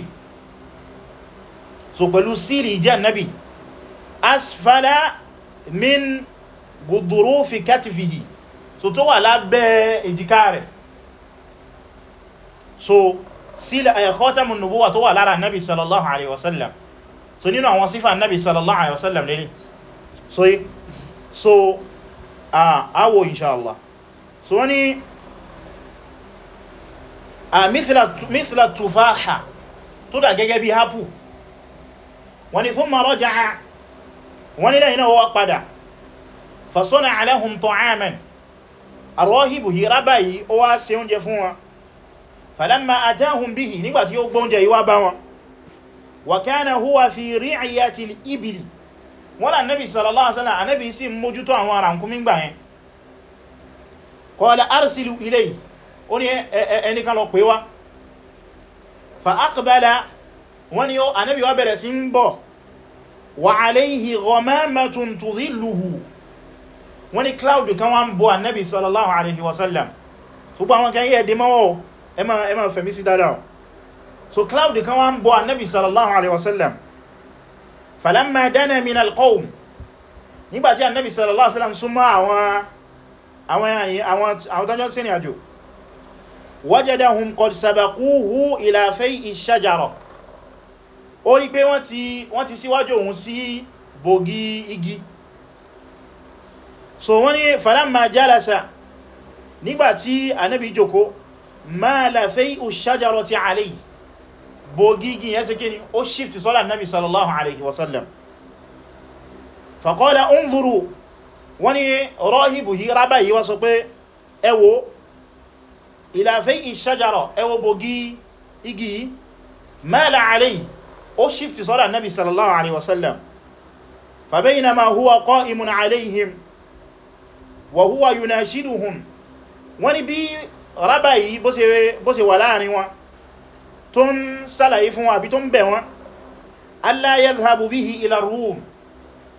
[SPEAKER 1] so pẹ̀lú sílì ìjẹ́ annabi asfala min gudurufi katifihi so tó wà lábẹ́ èjìká rẹ̀ so sílẹ̀ khatamu nubuwa tó wà lára nabi sallallahu alaihi wasallam so nínú àwọn sífà nabi sallallahu alaihi wasallam lè so yi so a awo inshallah so wani a mithla tufaha tó dà gẹ́gẹ́ bí hapu wani thumma raja'a wani lẹ́yìn náà wọ́n padà fasọ́nà alahum ta'aman arọ́hìbù hìrábà yìí ó wá ṣe oúnjẹ fún wọn falamma ajáhùn bihi nígbàtí ó gbóúnjẹ yìí wá bá wọn wa kana huwa fi ri'ayatil ibili wọ́n lá nẹ́bì sallallahu alaihi wasallam anẹ́bì sí mójútó àwọn ràkúnmí gbà yẹn qala arsilu ilayhi ó ní ẹnikan lọ pè wá fa aqbala wọ́n ni ó anẹ́bì wá bẹ̀rẹ̀ sí ń bọ̀ wa alayhi ghamamatun tudhilluhu wọ́n ni cloud kan wá ń bọ̀ anẹ́bì sallallahu ẹ má ẹ má fẹ̀mí sí dáadáa so cloud kan wá ń bọ́ annabi sallallahu alaihi wasallam falamma dana min alqawm nígbàtí annabi sallallahu alaihi wasallam súnmọ́ àwọn àwọn àwọn àwọn tọ́jọ́ sí ni àjò wajadahum qad sabaquhu ila fay'i shajara ó rí pé wọ́n ti wọ́n ti síwájú òun sí bògì igi so wọ́n ní falamma jalasa nígbàtí annabi jókòó ma la fai'u shajarati alayhi bogigi yẹn sike ni ó shift sọ́lá nabi sallallahu alaihi wasallam faqala unzuru wani rahibu yí rábà yí wá sọ pé ẹ wò ila fai'i shajara ẹ wò bogi igi ma la alayhi ó shift sọ́lá nabi sallallahu alaihi wasallam fa baynama huwa qa'imun alayhim wa huwa yunashiduhum wani bí rábà yìí bó ṣe wà láàrin wọn tó ń sálàyé fún wọn àbí tó ń bẹ̀ wọn alla yadhhabu bihi ila Rum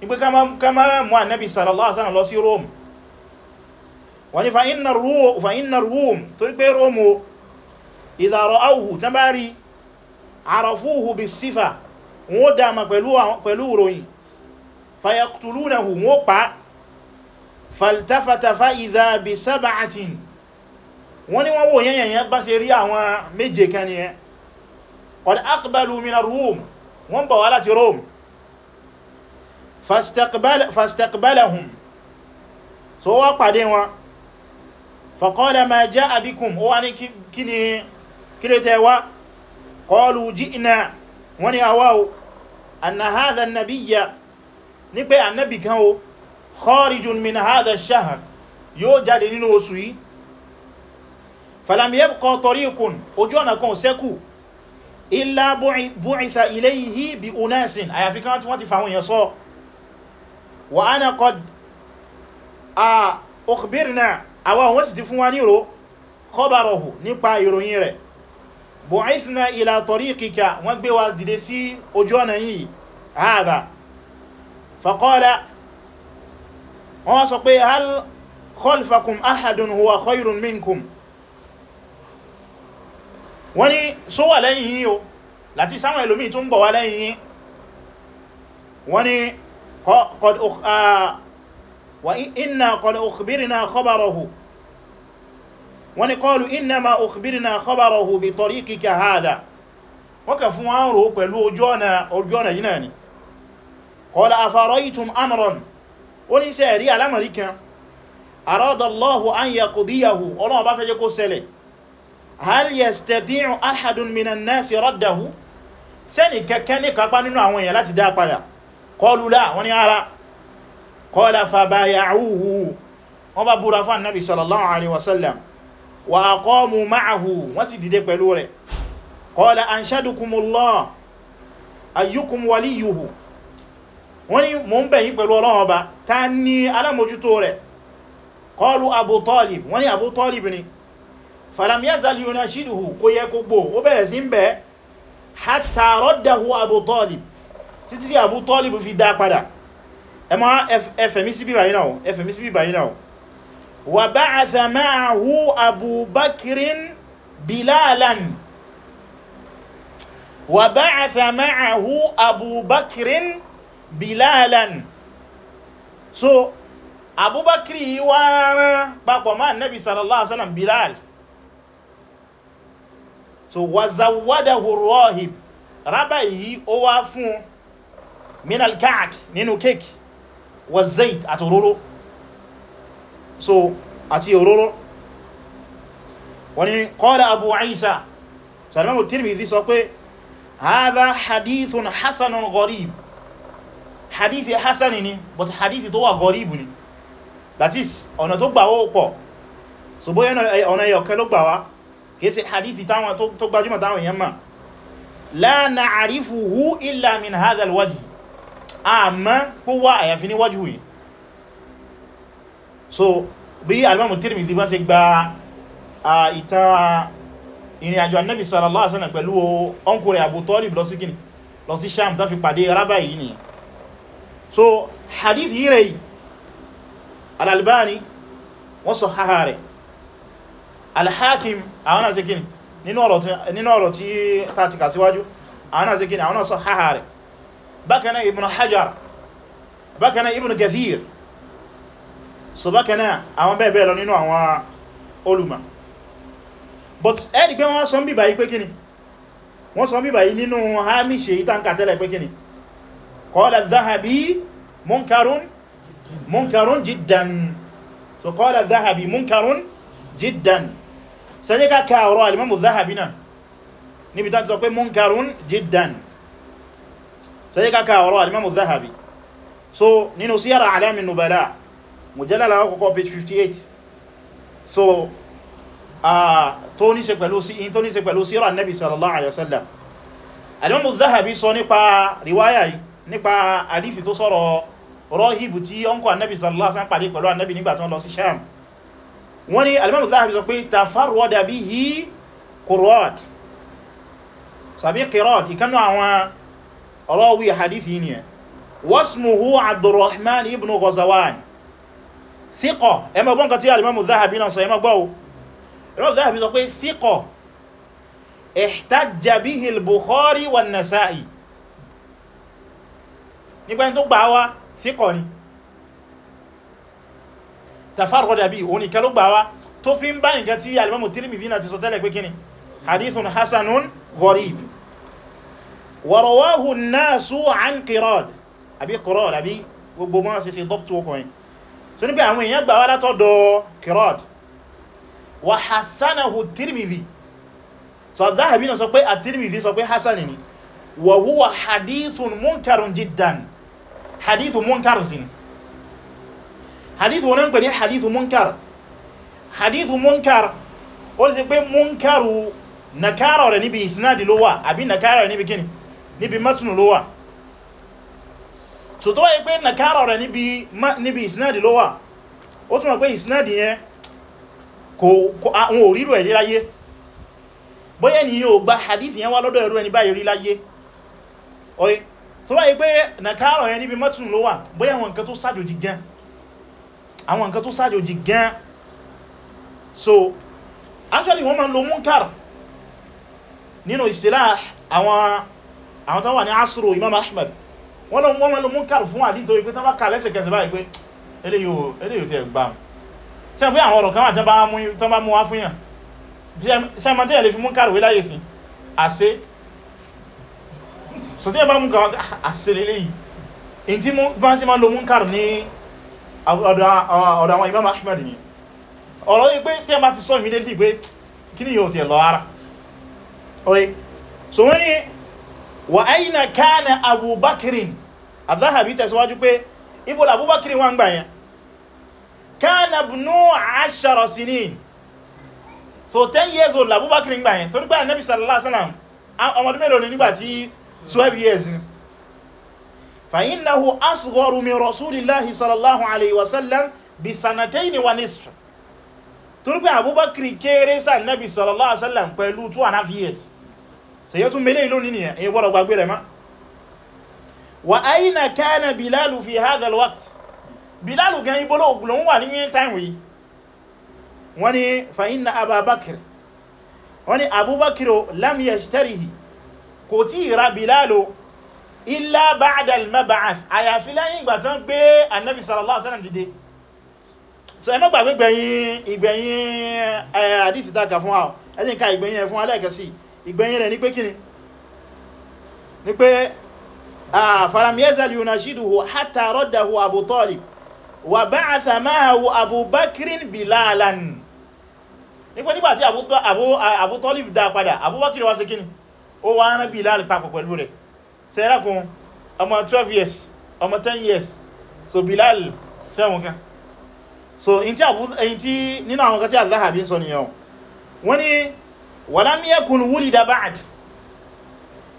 [SPEAKER 1] ní pé ká má mú annabi sallallahu alaihi wasallam lọ sí Rome wọ́n ni fa inna Rum torí pé Rome o idha ra'awhu tán bá rí arafuhu bis-sifa wọ́n dáma pẹ̀lú ròyìn fayaqtulunahu wọ́n pa faltafata fa bi sab'atin wọ́n ní wọ́n wò yẹnyẹn bá ṣe rí àwọn méje kan nìyẹn qad aqbalu min ar-Rum wọ́n bọ̀ wá láti Rome fastaqbalahum so wá pàdé wọn faqala ma ja'a bikum ó wá ní kí ni kírètẹ̀ wá qalu ji'na wọ́n ní àwọ́ anna hadha an-nabiyya pé annabi kan o kharijun min hadha ash yóò jáde nínú oṣù yìí falamiyẹ́bù kan tọrí ikùn ojú ọ̀nà kan sẹ́kù ilá bu'itha ilayhi bí unasin àyàfi kan tí wọ́n ti fàwọn èèyàn sọ wa ana qad a ukhbirna àwọn àwọn sì ti fún wa níro khabarahu nípa ìròyìn rẹ̀ bu'ithna ila tariqika wọ́n gbé wa dìde sí ojú ọ̀nà yìí hadha faqala wọ́n sọ pé hal khalfakum ahadun huwa khayrun minkum wọ́n ní só wà lẹ́yìn yín o láti sáwọn ẹlòmí tó ń bọ̀ wá lẹ́yìn yín wọ́n ní inna qad ukhbirna khabarahu wọ́n ní qalu innama ukhbirna khabarahu bi tariqika hadha wọ́n kà fún wọn rò pẹ̀lú ojú ọ̀nà yìí ni hal yastadi'u ahadun minan nasi raddahu sẹ́ni kẹ́kẹ́ ní kápá nínú àwọn èèyàn láti dá padà qalu la wọ́n ní ara qala fabaya'uhu wọ́n bá búra fún annabi sallallahu alaihi wasallam wa aqamu ma'ahu wọ́n sì dìde pẹ̀lú rẹ̀ qala anshadukumullah ayyukum waliyuhu wọ́n ní mo ń bẹ̀ yín pẹ̀lú Ọlọ́run Ọba ta ni qalu Abu Talib wọ́n ní Abu Talib ni falam yazal yunashiduhu kò yẹ kó gbò ó bẹ̀rẹ̀ sí ń bẹ̀ hatta raddahu Abu Talib títí Abu Talib fi dá padà ẹmọ́ ẹfẹ̀mí sí bíbà yínáwó ẹfẹ̀mí sí bíbà yínáwó wa ba'atha ma'ahu Abu Bakrin Bilalan wa ba'atha ma'ahu Abu Bakrin Bilalan so Abu Bakri wá rán papọ̀ mọ́ Annabi sallallahu alaihi wasallam Bilal so wazawadahu rahib rábà yìí ó wá fún minal ka'ak nínú kéèkì wa zait àti òróró so àti òróró wani qala abu isa salmamu tirmidhi sọ pé hadha hadithun hasanun gharib hadithi hasani ni but hadithi tó wà gharib ni that is ọ̀nà tó gbà ó so bóyá ọ̀nà ẹyọ̀kẹ́ ló gbà kèsè hadithi tó gbajúmọ̀ táwọn èèyàn ma la na'rifuhu illa min hadha alwajh àmọ́ pó wá àyàfi ní wajhu yìí so bí alimamu Tirmidhi bá ṣe gba ìta ìrìn àjò annabi sallallahu alaihi wasallam pẹ̀lú ọkùnrin Abu Talib lọ sí gini lọ sí sham tó fi pàdé rábà yìí so hadith yìí rẹ̀ al-Albani wọ́n sọ háhá rẹ̀ alhakim àwọn náà ṣe kíni nínú ọ̀rọ̀ tí tàti kà síwájú àwọn náà ṣe kíni àwọn náà sọ haha rẹ̀ bákanáà ibn hajar bákanáà ibn kathir so bákanáà àwọn bẹ́ẹ̀ bẹ́ẹ̀ lọ nínú àwọn olùmọ̀ but ẹ́rì pé wọ́n sọ ń bíbà yí pé kíni wọ́n sọ ń bíbà yí nínú hamishe ìtànkà tẹ́lẹ̀ pé kíni qala dhahabi munkarun munkarun jiddan so qala dhahabi munkarun jiddan sẹ́jẹ́ ká ká ọ̀rọ̀ alimamu zahabi náà níbi tán ti sọ pé munkarun jiddan sẹ́jẹ́ ká ká ọ̀rọ̀ alimamu zahabi so nínú siyar alamin nubala mujallala àkọ́kọ́ page 58 so tó ní ṣe pẹ̀lú sí tó ní ṣe pẹ̀lú síra annabi sallallahu alaihi wasallam alimamu zahabi sọ nípa riwaya yìí nípa àdífì tó sọ́rọ̀ rọ́hìbù wọ́n ni alimọ́mù záàbí sọ pé tafarwọ́dà bí i kùrọ̀d sàbí kìrọ̀d ìkanú àwọn ọ̀rọ̀wí hadithi ni wasmuhu abdurrahman ibn ghazawan thiqa ẹmọ gbọ́n kan tí alimọ́mù záàbí náà sọ ẹmọ gbọ́ alimọ́mù tafarroja bí òun ìkẹ́ ló gbàwá tó fi ń bá nǹkan tí alimamu Tirmidhi náà ti sọ tẹ́lẹ̀ pé kíni hadithun hasanun gharib wa rawahu an-nasu an Qirad àbí Qirad àbí gbogbo mọ́ sí ṣe dọ́pù ọkùnrin so ní pé àwọn èèyàn gbàwá látọ̀dọ̀ Qirad wa hasanahu Tirmidhi so adh-Dhahabi náà sọ pé at-Tirmidhi sọ pé ni wa huwa hadithun munkarun jiddan hadithun munkarun sí hadith wọn ń pè ní hadithu munkar hadithu munkar ó ti pé munkaru nakara rẹ̀ níbi isnadi ló wà àbí nakara rẹ̀ níbi kíni níbi matnu ló wà so tó wáyé pé nakara rẹ̀ níbi isnadi ló wà ó túnmọ̀ pé isnadi yẹn kò àwọn òrírò ẹ̀rí láyé bóyẹ́ ni yóò gba hadith yẹn wá lọ́dọ̀ ẹ̀rú ẹni báyìí rí tó wáyé pé nakara rẹ̀ níbi matnu ló bóyẹ́ wọn nǹkan tó ṣàjòjì gan àwọn nǹkan tó ṣàjòjì gan so actually wọ́n ma ń lo munkar nínú istilah àwọn àwọn tó wà ní asro imam ahmed wọ́n lọ wọ́n ma lo munkar fún àdíjọ wípé tán bá kà lẹ́sẹ̀kẹsẹ̀ báyìí pé eléyìí tí ẹ gbá ṣe pé àwọn ọ̀rọ̀ kan wà tán bá mú wá fún yàn ṣe mọ́ tí ẹ lè fi munkar wé láyé sí àṣẹ so tí ẹ bá mú kàwọ́ àṣẹ lélẹ́yìí in tí ọ̀dọ̀ àwọn imam ahmed ni ọ̀rọ̀ yìí pé tí a bá ti sọ immediately pé kí ni yóò ti lọ ara oye so wọ́n ni wà aina kana abubakirin azahabi tẹ̀síwájú pé ibola abubakirin wọ́n gbà yẹn kana ibnu sinin so 10 years old abubakirin gbà yẹn torípé anabi sallallahu alaihi wasallam ọmọdún mélòó ni nígbàtí 12 years ni فإنه أصغر من رسول الله صلى الله عليه وسلم بسنتين ونصف torípé àbúbákìrì kéré sáà nẹ́bì sallallahu alaihi wasallam pẹ̀lú 2 and a half years so yẹ́ tún mẹ́lẹ̀ ìlú nínú ẹ̀ èyí gbọ́dọ̀ gbàgbé rẹ̀ kò tí ì ra illa ba'da al-mab'ath àyàfi lẹ́yìn ìgbà tán gbé annabi sallallahu alaihi wasallam dìde so ẹmọ́ gbàgbé gbẹ̀yìn ìgbẹ̀yìn àdísì tàkà fún àwọn ẹ̀sìn ká ìgbẹ̀yìn ẹ̀ fún alẹ́ẹ̀kẹ́sì ìgbẹ̀yìn rẹ̀ ní pé kíni ní pé falam yazal yunashiduhu hatta raddahu abu talib wa ba'atha ma'ahu abu bakrin bilalan ní pé nígbàtí abu talib dá padà abu bakr wá ṣe kíni ó wá rán bilal papọ̀ pẹ̀lú rẹ̀ sẹ́rákun ọmọ 12 years ọmọ 10 years so Bilal sẹ́wọ̀n kan so in tí nínú àwọn kan tí az-Zahabi sọ nìyàn wọ́n ni walam yakun wulida ba'd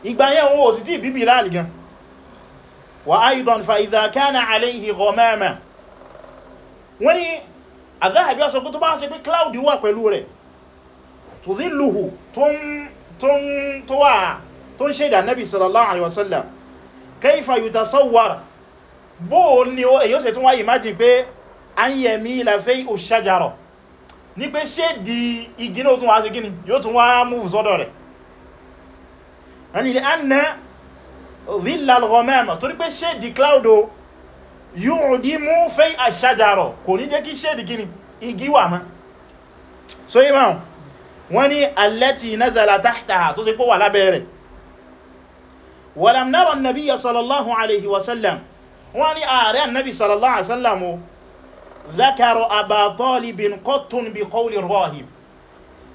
[SPEAKER 1] ìgbà yẹn wọ́n ò sì tí bí Bilal gan wa aidan fa idha kana alayhi ghamama wọ́n ni az-Zahabi sọ pé tó bá ṣe pé cloud wà pẹ̀lú rẹ̀ tudhilluhu tó wà tó ń ṣèdà nẹ́bì sallallahu alaihi wasallam kayfa yutasawwar bó ní ó èyí ó sì tún wá imagine pé an yẹ̀mí ìlàfẹ́ òṣàjárọ̀ ní pé ṣé di igi náà tún wá sí gíní yóò tún wá múfù sọ́dọ̀ rẹ̀ ẹni anna dhilla al-ghamam torí pé ṣé di cloudo yóò dí mú fẹ́ àṣàjárọ̀ kò ní jẹ́ kí ṣé gíní igi mọ́ so imam wọ́n ni allati nazala tahtaha tó sì pọ̀ wà lábẹ́ rẹ̀ walam nara nabiya sallallahu alaihi wasallam wọ́n ni ààrẹ annabi sallallahu alaihi wasallam o zakaro aba talibin qattun bi qawli rahib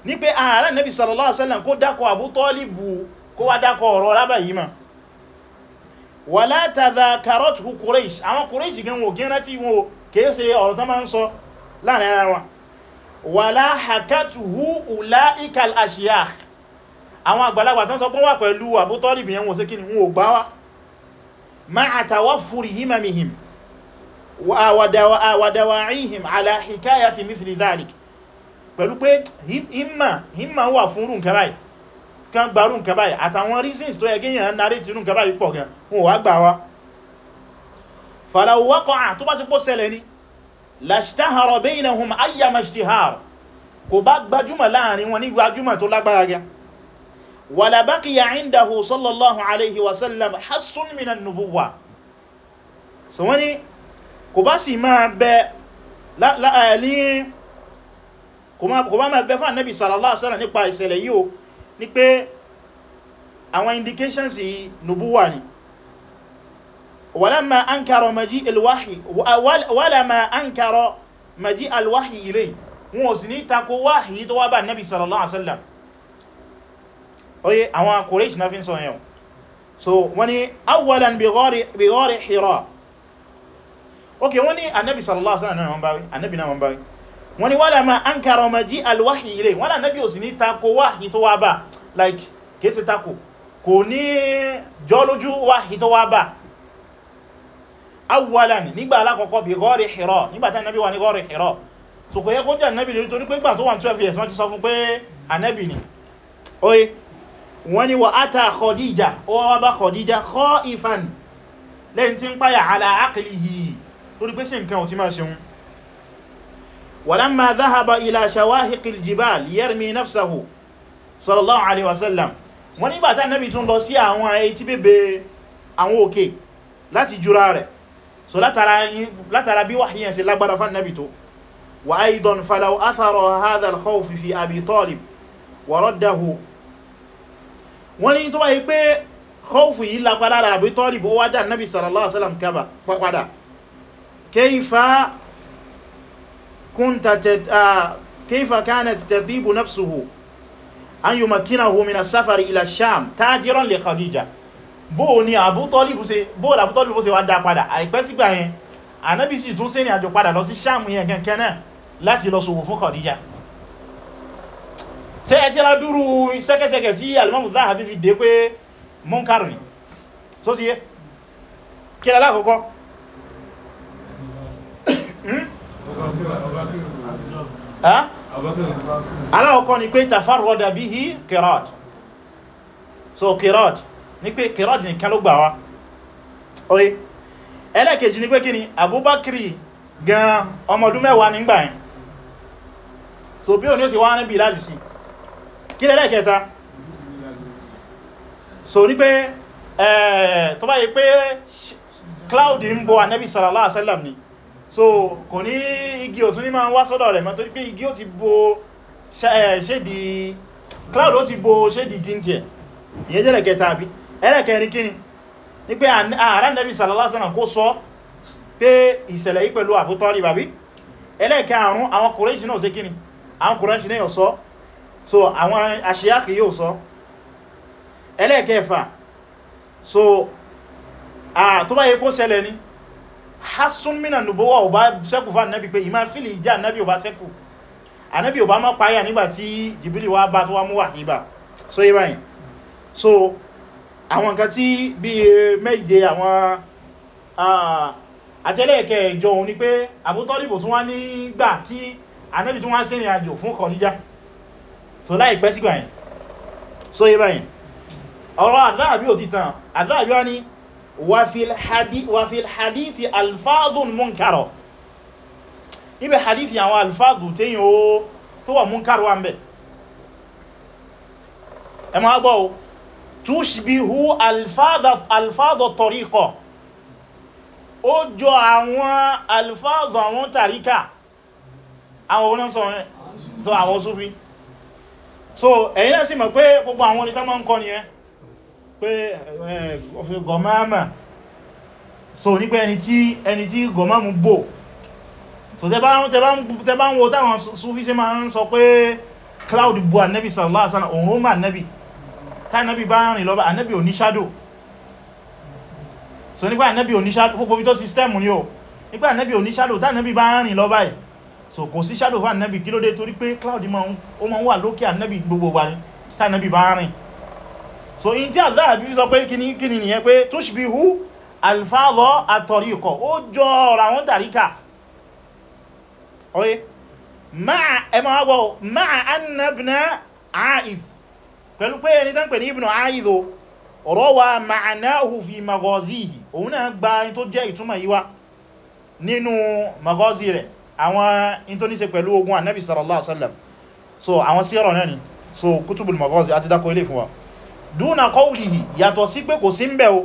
[SPEAKER 1] ní pé ààrẹ annabi sallallahu alaihi wasallam kó dákọ̀ abu talibu kó wá dákọ̀ ọ̀rọ̀ rábà yìí ma wala tadhakaratuhu quraish àwọn quraish gan wò gẹ́rẹ́ tí wọ́n kèé ṣe ọ̀rọ̀ àwọn àgbàlagbà tán sọ pé wà pẹ̀lú Abu Talib yẹn wọ́n ṣe kí ni wọ́n ò gbà wá ma'a tawaffuri himamihim wa dawa'ihim ala hikayati mithli dhalik pẹ̀lú pé himma himma wà fún rùn kẹbàí kan gba rùn kẹbàí àtàwọn reasons tó yẹ kí yẹn narrate rùn kẹbàí pọ̀ gan wọ́n wá gbà wá falaw wala baqiya indahu sallallahu alaihi wasallam hassun minan nubuwa so wani kò bá sì máa bẹ láàrín kò bá máa bẹ fún ànábì sallallahu alaihi wasallam nípa ìṣẹ̀lẹ̀ yìí o ní pé àwọn indications yìí nubuwa ni walamma ankara maji alwahyi walamma ankara maji alwahyi ilay wọn ò sì ní tako wáhì tó wá bá ànábì sallallahu alaihi wasallam oye àwọn Quraysh na fi ń sọ yẹn so wọ́n ni awwalan bi ghari Hira ok wọ́n ni annabi sallallahu alaihi wasallam annabi na wọ́n báwí wọ́n ni wala ma ankara maji alwahi ilay wọ́n na annabi ò sí ní tako wáhì tó wá bá like kéèsì tako kò ní jọlójú wáhì tó wá bá awwalan nígbà alákọ̀ọ́kọ́ bi ghari Hira nígbàtá annabi wà ní ghari Hira so kò yẹ kó jẹ́ annabi lórí torí pé gbà tó wà 12 years wọ́n ti wọ́n ni wà átà Khadija ó wá bá Khadija khaifan lẹ́yìn tí ń páyà ala aqlihi lórí pé sí nǹkan òtí máa ṣeun walamma dhahaba ila shawahiqil jibal yarmi nafsahu sallallahu alaihi wasallam wọ́n nígbà tá Nábì tún lọ sí àwọn etí wọ́n ní tó bá yí pé khawfu yí lápá lára Abu Talib ó wájá nábi sallallahu alaihi wasallam kaba padà kayfa kunta kayfa kanat tadhibu nafsuhu an yumakkinahu min as-safari ila ash-sham tajiran li khadija bó wá dá padà àìpẹ́ sígbà yẹn Ànábì sì tún ṣe ní àjò padà náà láti lọ ṣòwò fún khadija ṣe ẹ̀ tí ra dúrú sẹ́kẹsẹkẹ tí alimamu Zahabi fi dé pé munkar ni so ti yé kí lọ lákọ́kọ́ alákọ́kọ́ ni pé tafarroda bihi qira'at so qira'at ni pé qira'at ni kan ló gbà wá oye ẹlẹ́kejì ni pé kí ni Abubakri gan ọmọdún mẹ́wàá nígbà yẹn so bí o ní ó sì wá ní Bilal sí kí lẹ́lẹ́ kẹta so ní pé tó bá yí pé cloud ń bọ́ anẹ́bí sallallahu alaihi wasallam ni so kò ní igi òtún ní máa wá sọ́dọ̀ rẹ̀ mọ́ torí pé igi ó ti bo ṣédì cloud ó ti bo ṣédì gíntì ẹ̀ ìyẹ́ jẹ́ lẹ́kẹta àbí ẹlẹ́kẹrin kíni ní pé ààrẹ anẹ́bí sallallahu alaihi wasallam kó sọ pé ìṣẹ̀lẹ̀ yìí pẹ̀lú Abu Talib àbí ẹlẹ́kẹrin àwọn Quraysh náà ṣe kíni so àwọn aṣíyákì yóò sọ ẹlẹ́ẹ̀kẹfà so tó bá yẹ kó ṣẹlẹ̀ ní hassun nubowa nubuwa ọba ṣẹ́kù fún annabi pé ìmá fílì ìjá annabi ọba ṣẹ́kù annabi ọba má páyà nígbàtí jìbìrì wá bá tó wá mú wà hìbà so yí báyìí so àwọn nǹkan tí bí méje àwọn àtẹ́lẹ̀ẹ̀kẹ́ ìjọ òun ni pé Abu Talib tún wá nígbà kí annabi tún wá sí ìrìn àjò fún Khadija so láìpẹ́ sígbà yìí so yí báyìí ọ̀rọ̀ àdáàbí ò ti tàn àdáàbí wá ní wà fil hadithi alfadhun munkaro níbẹ̀ hadithi àwọn alfadhu tẹ́yìn o tó wà munkaro wà ń bẹ̀ ẹ ma gbọ́ o tushbihu alfadhu tariqa ó jọ àwọn alfadhu àwọn tàríkà àwọn onímsọ̀rọ̀ àwọn súfí so ẹ̀yin náà sì mọ̀ pé gbogbo àwọn orin tán máa ń kọ nìyẹn pé eh, gọmáàmà so ní pé ẹni tí gọmáàmù bò so tẹ bá ń wo táwọn Sufi ṣe máa ń sọ pé cloud bu annabi sallallahu alaihi wasallam òun ma annabi tá annabi bá rìn lọ́bá annabi ò ní shadow so nípa annabi ò ní shadow gbogbo bí tó ti stem o nípa annabi ò ní shadow tá annabi bá rìn lọ́bá so kò sí shadow fún annabi kí ló dé torí pé cloud ó ma ń wà lókè annabi gbogbo wa ní tá bá rìn so in tí àzáàbí sọ pé kíní kíní nìyẹn pé tushbihu alfadha at-tariqa ó jọ ọ̀rọ̀ àwọn tàríkà oye máa ẹmọ agbọ́ máa annabna aid pẹ̀lú pé ẹni tán pè ní ibnu aid o rawa ma'nahu fi maghazihi òun náà gba ẹni tó jẹ́ ìtumọ̀ yíwá nínú maghazi rẹ̀ àwọn in tó ní ṣe pẹ̀lú ogun annabi sallallahu alaihi wasallam so àwọn síọ̀rọ̀ náà ni so kutubul maghazi àti dákọ̀ ilé fún wa dúnà qawlihi yàtọ̀ sí pé kò sí ń bẹ̀ o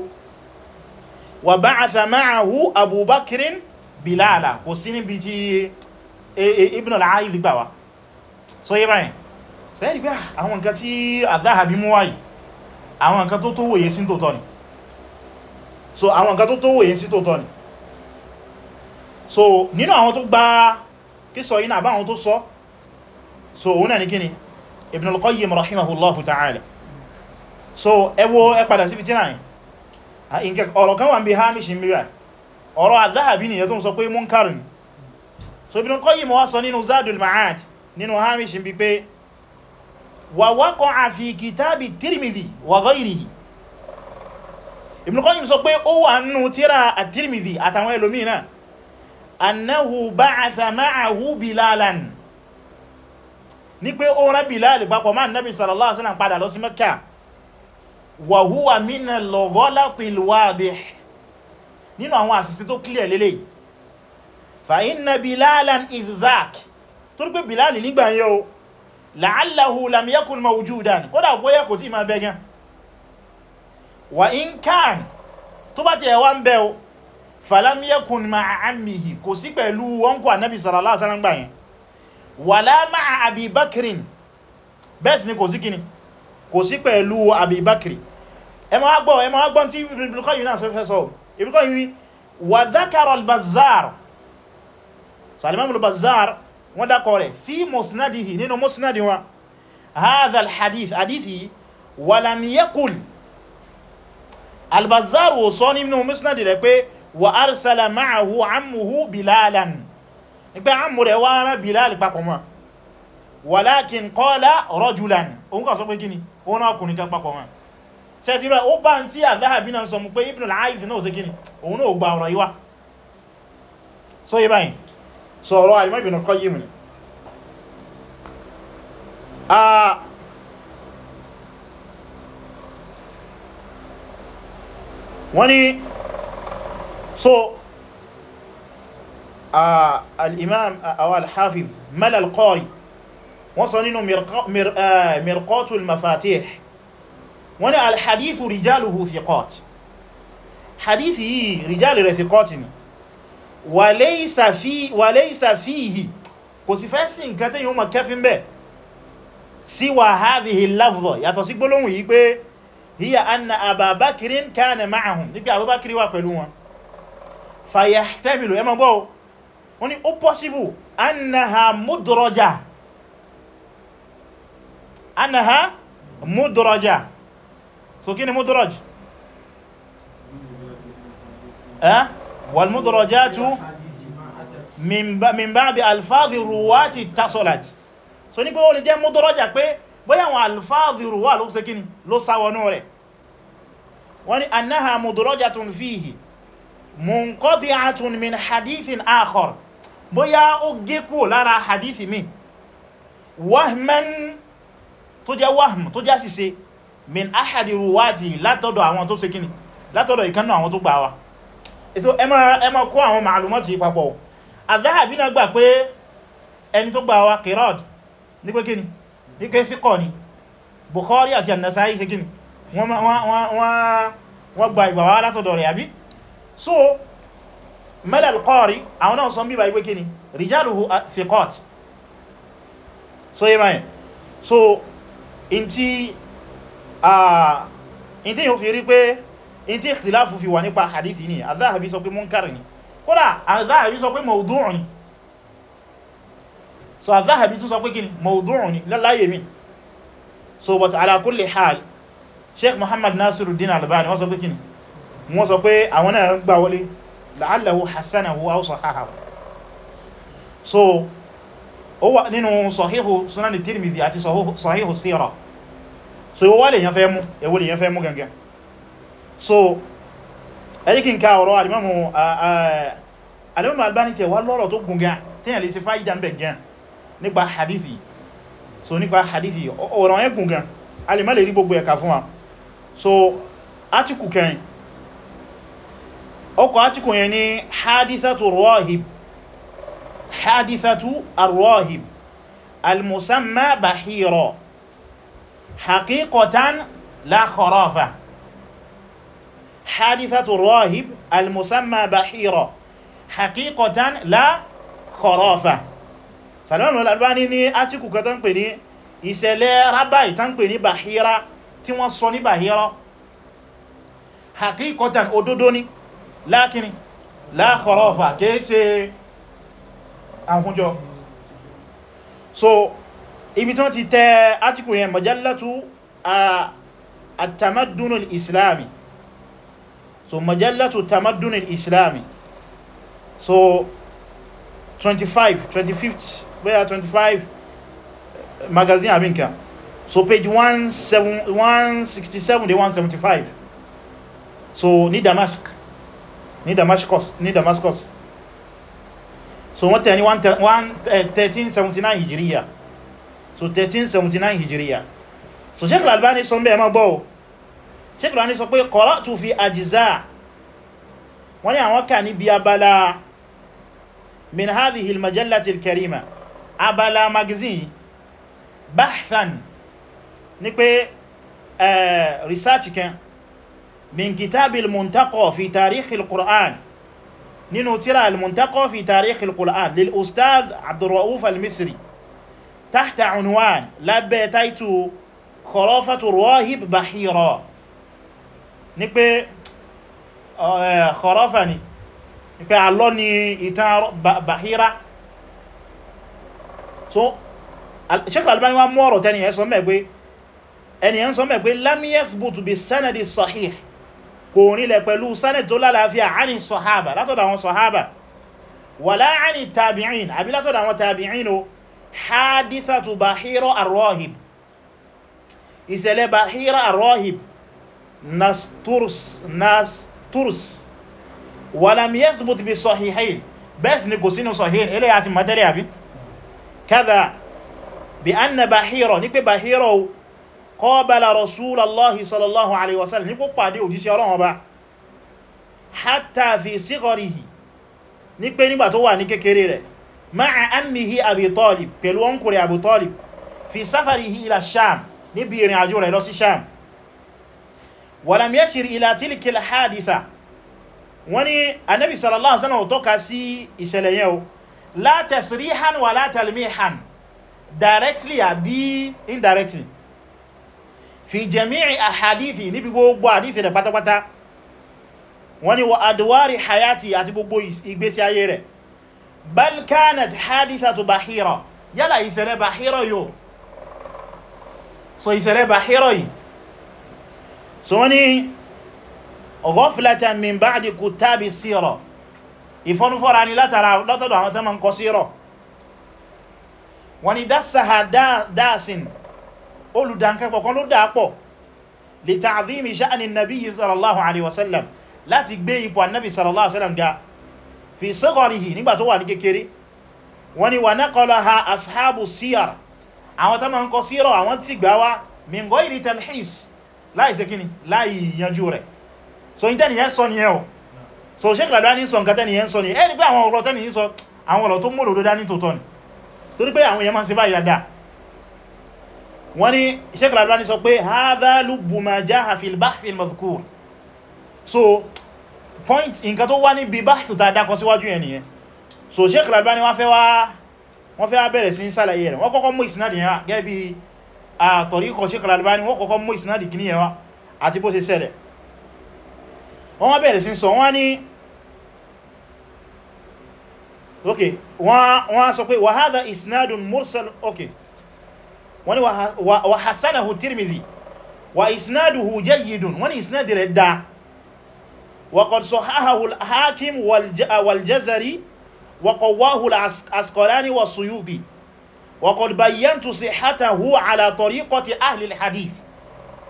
[SPEAKER 1] wa ba'atha ma'ahu abubakirin bilala kò sí níbi tí e, e, ibn al-aidh gbà wa so yí báyìí so yẹ́ dìgbà ah, àwọn nǹkan tí àdáhàbí mú wáyìí àwọn nǹkan tó tó wòye sí tòótọ́ ni so àwọn nǹkan tó tó wòye sí tòótọ́ so nínú àwọn tó gbá kíso iná àbáwọn tó sọ so òun náà ní kíni Ibn al-Qayyim ta'ala so ẹwọ ẹ padà sí fitina yìí ọ̀rọ̀ kan wà ń bí hamish ń bíwá ọ̀rọ̀ az-Zahabi ni yẹtún sọ pé munkarin so Ibn al-Qayyim wá sọ nínú Zadul Ma'ad nínú hamish ń bí pé wa waqa'a fi kitabi Tirmidhi wa ghayrihi Ibn al-Qayyim sọ pé ó wà nínú tírà at-Tirmidhi àtàwọn ẹlòmí náà annahu ba'atha ma'ahu bilalan ní pé ó rán bilal papọ̀ ma annabi sallallahu alaihi wasallam padà lọ sí mẹ́kà wa huwa min al-ghalati al-wadih nínú àwọn àṣìṣe tó clear lélẹ̀ fa inna bilalan idhak tó rí pé bilal nígbà yẹn o la'allahu lam yakun mawjudan kódà bóyá kò tí ma bẹ gan wa in kan tó bá ti ẹ̀wà ń bẹ o falam yakun ma'a ammihi kò sí pẹ̀lú wọn kò ànábì sallallahu alaihi wasallam gbà yẹn wala ma'a Abi Bakrin bẹ́ẹ̀ sì ni kò sí kíni kò sí pẹ̀lú Abi Bakri ẹ máa gbọ́ ẹ máa gbọ́ tí Ibn Qayyim náà fẹ́ sọ Ibn wa dhakara al-Bazzar salimamul Bazzar wọ́n dákọ̀ rẹ̀ fi musnadihi nínú musnadi wọn hadha al-hadith hadithi wa lam yaqul al-Bazzar wò sọ nínú musnadi rẹ̀ pé wa arsala ma'ahu ammuhu bilalan ní pé ammu rẹ̀ wá rán bilal papọ̀ mọ́ walakin qala rajulan òun kà sọ pé gini ó rán ọkùnrin kan papọ̀ mọ́ ṣe ti rẹ̀ ó bá ń tí àdáhàbí náà sọ mú pé ibn al-aidh náà ṣe gini òun náà gba ọ̀rọ̀ yíwá so yí báyìí so ọ̀rọ̀ alimọ́ ibn al-qayyim ni wọ́n ni so uh, al-imam uh, awa al-hafiz mal al-qari wọ́n sọ nínú uh, mirqatul mafatih wọ́n ni al-hadithu rijaluhu thiqat hadithi yìí rijali rẹ̀ thiqat ni wa laysa fi wa laysa fihi kò sí fẹ́ sí nǹkan tẹ́yìn ọmọ kẹfin bẹ́ sí wa hadhihi al yàtọ̀ sí gbólóhùn yìí pé hiya anna ababakirin kana ma'ahum nígbà ababakirin wà pẹ̀lú wọn fàyàhtẹ́bìlò ẹmọ gbọ́ wọ́n ni ó pọ́síbù annaha mudroja annaha mudroja so kí ni mudroj eh wal mudrojatu min ba'di alfáàdì ruwati tasolat so ní pé ó lè jẹ́ mudroja pé bóyá àwọn alfáàdì ruwa ló ṣe kíni ló sáwọnú rẹ̀ wọ́n ni annaha mudrojatun fihi munqadi'atun min hadithin akhar bóyá ó gé kúrò lára hadithi mi wahman tó jẹ́ wahm tó jẹ́ síse min ahadi ruwati látọ̀dọ̀ àwọn tó ṣe kíni látọ̀dọ̀ ìkannu àwọn tó gbà wá ètò ẹmọ kó àwọn ma'lumati papọ̀ az-Zahabi náà gbà pé ẹni tó gbà wá qirad ní pé kíni ní pé fíkọ̀ ni Bukhari wọ́n gba ìgbà látọ̀dọ̀ rẹ̀ àbí so mẹ́lẹ̀ alqari àwọn náà sọ bíbá ìgbé kíni rijaluhu uh, thiqat so yí báyìí so uh, in tí yóò fi rí pé in tí ikhtilafu fi wà nípa hadithi ni az-Zahabi sọ pé munkar ni kódà az sọ pé mawdu' ni so az-Zahabi tún sọ pé kíni mawdu' ni láláyé mi so but ala kulli hal Sheikh Muhammad Nasiruddin Albani wọ́n sọ pé kíni wọ́n sọ pé àwọn náà gbà wọlé la'allahu hasanahu aw sahahahu so ó wà nínú sahihu sunan tirmidhi àti sahihu sira so ìwọ wà lè yàn fẹ́ mú èwo lè yàn fẹ́ mú gangan so ẹ̀yí kí n ká ọ̀rọ̀ alimamu uh, uh, alimamu albani tẹ̀ wá lọ́rọ̀ tó gùn gan tẹ́yàn lè ṣe fáyídà ń bẹ̀ nípa hadithi so nípa hadithi ọ̀rọ̀ yẹn gùn gan a lè má rí gbogbo ẹ̀ka fún wa so átíkù kẹrin ọkọ̀ átíkù yẹn ni hadithatu ar-rahib hadithatu ar-rahib al-musamma bahira haqiqatan la kharafa hadithatu ar-rahib al-musamma bahira haqiqatan la kharafa Salman al-Albani ní átíkù kan tán pè ní ìṣẹ̀lẹ̀ rabai tán pè ní bahira tí wọ́n sọ ní bahira haqiqatan òdodo ni lákíní láàkọ̀rọ̀fà kìí ṣe àhúnjọ so ibi tán ti tẹ átíkù yẹn majallatu àtàmàdùnul islami so majallatu tàmàdùnul islami so 25 25th bóyá 25 eh, magazine abinka so page 167 167 175 so ní Damask ní Damascus ní Damascus so wọ́n tẹ̀ ní 1379 hijiriya so 1379 hijiriya so Sheikh Al-Albani sọ mẹ́ ẹmọ́ gbọ́ Sheikh Al-Albani sọ pé qara'tu fi ajiza wọ́n ní àwọn kà ní bí abala min hadhihi al-majallati al-karima abala magazine bahthan ní pé eh, research kan min kitab al-muntaqa fi tarikh al-qur'an nínú tírà al-muntaqa fi tarikh al-qur'an lil ustaz abdurrauf al-misri tahta unwan lábẹ́ taitu khurafatu rahib bahira ní pé khurafa ni ní pé àlọ́ ni ìtàn bahira so Sheikh Al-Albani wa mú ọ̀rọ̀ tẹ́ni ẹ̀ sọ mẹ́ pé lam yathbut bi sanadi sahih kò rílẹ̀ pẹ̀lú sanad tó lálàáfíà àní sọ̀hábà látọ̀dọ̀ àwọn sọ̀hábà wala àní tàbí'in àbí látọ̀dọ̀ àwọn tàbí'in o hadithatu bahira arrohib ìṣẹ̀lẹ̀ bahira arrohib nasturs nasturs walam yathbut bi sahihain bẹ́ẹ̀sì ni kò sínú sahihain ilẹ̀ àti matẹ́rẹ̀ àbí kada bi anna qabala rasulallahi sallallahu alaihi wasallam ní kó pàdé òjíṣẹ́ Ọlọ́run ọba hatta fi sigharihi ní pé nígbà tó wà ní kékeré rẹ̀ ma'a ammihi abi talib pẹ̀lú ọkùnrin abu talib fi safarihi ila sham níbi ìrìn àjò rẹ̀ lọ sí sham walam yashir ila tilkil haditha wani annabi sallallahu alaihi wasallam tó ka sí ìṣẹ̀lẹ̀ yẹn o la tasrihan wa la talmihan directly àbí indirectly fi jami'i ahadithi níbi gbogbo hadithi rẹ̀ pátápátá wọ́n ní wa adwari hayati àti gbogbo ìgbésí ayé rẹ̀ bal kanat hadithatu bahira yálà ìṣẹ̀lẹ̀ bahira yóò so ìṣẹ̀lẹ̀ bahira yìí so wọ́n ní ghaflatan min ba'di kutabi sira ìfọ́nufọ́ra ni látara lọ́tọ̀dọ̀ àwọn tó ma ń kọ sírọ̀ wọ́n ní dásáha dásin da, olùdánkẹ́kọ̀ọ́ kan ló dápọ̀ lè ta'zimi sha'ani nabi sallallahu alaihi wasallam láti gbé ipò annabi sallallahu alaihi wasallam ga fi sagharihi nígbà tó wà ní kékeré wọ́n ni wà naqalaha ashabu siyar àwọn tó máa ń kọ síra àwọn tí gbà wá min ghayri tamhis láì ṣe kíni láì yanjú rẹ̀ so ní tẹ́ni yẹn sọ ni ẹ̀ o so Shaykh Al-Albani sọ nǹkan tẹ́ni yẹn sọ ni ẹ̀ rí pé àwọn ọ̀rọ̀ tẹ́ni yẹn sọ àwọn ọ̀rọ̀ tó mọ́lòdó dání tó tọ́ ni torí pé àwọn èèyàn máa ń ṣe báyìí dáadáa wọ́n ní Sheikh Al-Albani sọ pé hadha lubbu ma jaha fil bahth al-madhkur so point nǹkan tó wá níbi bahth ta dákọ síwájú yẹn nìyẹn so Sheikh Al-Albani wọ́n fẹ́ wá wọ́n fẹ́ wá bẹ̀rẹ̀ sí ń sàlàyé rẹ̀ wọ́n kọ́kọ́ mú ìsinádì yẹn wá gẹ́gẹ́ bí àtọ̀ríkọ̀ Sheikh Al-Albani wọ́n kọ́kọ́ mú ìsinádì kìíní yẹn wá àti bó ṣe ṣẹlẹ̀ wọ́n wá bẹ̀rẹ̀ sí sọ wọ́n ní ok wọ́n sọ pé wa hadha ok wọ́n ni wa hasanahu tirmidhi wa isnaduhu jayyidun wọ́n ni isnadi rẹ̀ da wa qad sahahahu al-hakim wal-jazari wa qawwahu al-asqalani wa suyuti wa qad bayyantu sihhatahu ala tariqati ahli al-hadith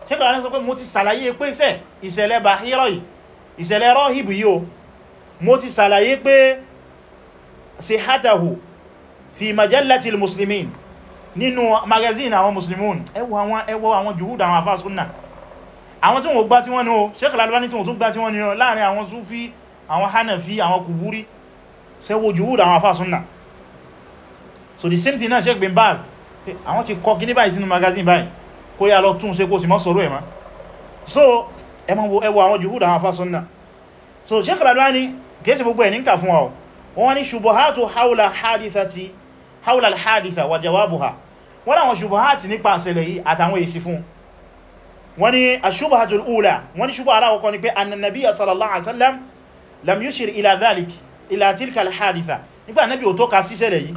[SPEAKER 1] ṣẹ́kọ̀ àwọn ẹ̀sọ́kọ́ mo ti sàlàyé pé iṣẹ́ ìṣẹ̀lẹ̀ Bahira yìí ìṣẹ̀lẹ̀ Rahibu yìí mo ti sàlàyé pé sihhatahu fi majallati muslimin nínú magazine àwọn muslimun ẹwọ àwọn ẹwọ àwọn juhud àwọn àfáà súnnà àwọn tí wọ́n gbá tí wọ́n ní o Sheikh Al-Albani tí wọ́n tún gbá tí wọ́n ní o láàrin àwọn súfí àwọn hanafi àwọn kùbúrí sẹ́wọ́ juhud àwọn àfáà súnnà so the same thing náà Sheikh bin Baz àwọn ti kọ kíní báyìí sínú magazine báyìí kó yá lọ tún ṣe kó sì mọ́ sọ̀rọ̀ ẹ̀ ma so ẹmọ ẹwọ àwọn juhud àwọn àfáà súnnà so Sheikh Al-Albani kèsì gbogbo ẹ̀ ní ń kà fún wa wọ́n ní ṣubuhatu hawla hadithati haula al-haditha wa jawabuha wọ́n láwọn ṣubuhati nípa àṣẹlẹ̀ yìí àtàwọn èsì fún wọ́n ni aṣubuhatul ula wọ́n ni ṣubu aláwọ̀kọ́ ni pé annabiya sallallahu alaihi wasallam lam yushir ila dhalik ila tilka al-haditha nípa annabi ò tọ́ka sí ṣẹlẹ̀ yìí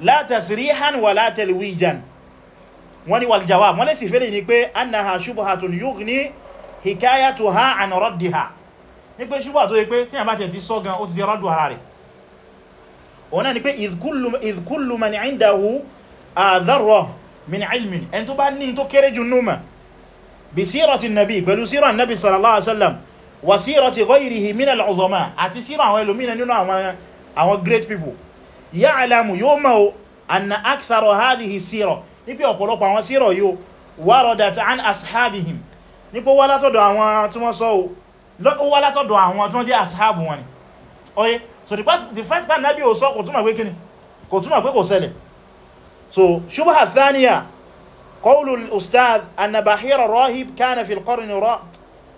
[SPEAKER 1] la tasrihan wa la talwijan wọ́n ni wal jawab wọ́n lè sì fẹ́lẹ̀ ni pé òun náà ni pé izkullu man indahu dharra min ilmin ẹni tó bá ní tó kéré jù númà bí sírati nabi pẹ̀lú síra nabi sallallahu alaihi wasallam wa sírati ghayrihi min al-uzama àti síra àwọn ẹlòmínà nínú great people ya'lamu yóò mọ̀ anna akthara hadhihi síra ní pé ọ̀pọ̀lọpọ̀ àwọn síra yóò waradat an ashabihim ní pé wá látọ̀dọ̀ àwọn tí wọ́n sọ wá látọ̀dọ̀ àwọn tí wọ́n jẹ́ ashabu wọn ni oye so the first part nabi o sọ kò túnmà pé kíni kò túnmà pé kò ṣẹlẹ̀ so shubha thaniya qawlu al-ustadh anna bahira rahib kana fi al-qarni ra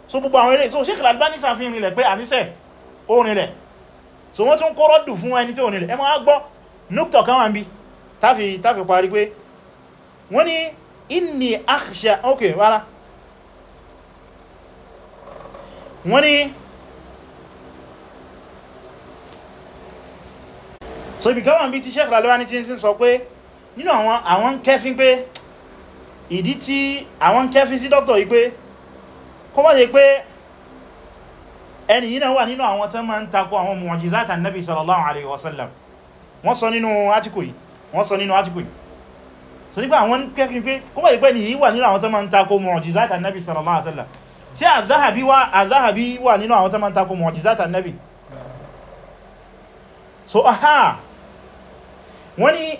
[SPEAKER 1] so gbogbo àwọn ilé so Sheikh al-Albani sàfihàn ilẹ̀ pé àníṣẹ́ orin rẹ̀ so wọ́n tún kọ́rọ̀ dù fún ẹni tí orin rẹ̀ ẹ máa gbọ́ núktọ̀ kan wà ń bí tàfi tàfi parí pé wọ́n ni inni akhsha ok rárá wọ́n ni so ibi gọ́wọ́n bí ti Sheikh Al-Albani ti ń sọ pé nínú àwọn àwọn kẹfín pé ìdí tí àwọn kẹfín sí dọ́tọ̀ yìí pé kó mọ́ jẹ pé ẹni yìí náà wà nínú àwọn tán máa ń takò àwọn mu'jizata nabi sallallahu alaihi wasallam wọ́n sọ nínú átíkò yìí wọ́n sọ nínú átíkò yìí so nípa àwọn kẹfín pé kó mọ́ jẹ pé ni yìí wà nínú àwọn tán máa ń takò mu'jizata nabi sallallahu alaihi wasallam sí àzáhàbí wà àzáhàbí wà nínú àwọn tán máa ń takò mu'jizata nabi so aha wọ́n ní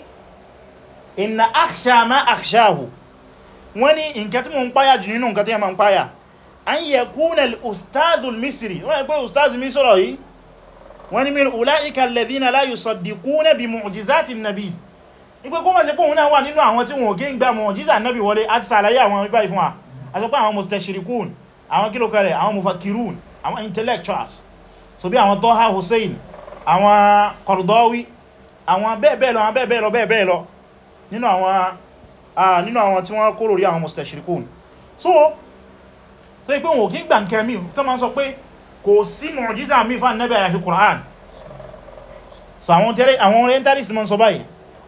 [SPEAKER 1] inna akhsha ma akhshahu wọ́n ní nǹkan tí mo ń páyà jù nínú nǹkan tí mo ń páyà an yakuna al-ustadhu al-misri wọ́n ní pé ustadhu misri yìí wọ́n ní min ulaika alladhina la yusaddiquna bi mu'jizati an-nabi ipé kó mọ̀ sí pé òun náà wà nínú àwọn tí wọ́n gé ń gba mu'jiza nabi wọlé àti sàlàyé àwọn ipá ìfún wa a sọ pé àwọn mustashirikun àwọn kílòkẹrẹ àwọn mufakirun àwọn intellectuals so bí àwọn Taha Hussein àwọn Qardawi àwọn bẹ́ẹ̀bẹ́ẹ̀ lọ àwọn bẹ́ẹ̀bẹ́ẹ̀ lọ bẹ́ẹ̀bẹ́ẹ̀ lọ nínú àwọn nínú àwọn tí wọ́n kóró rí àwọn mustashirikun so tó ipé wọn ò kí ń gbà nkẹ mí tó ma ń sọ pé kò sí mọ̀jíza mí fà nẹ́bẹ̀ àyàfi Qur'an so àwọn tẹ́rẹ àwọn orientalist ma ń sọ báyìí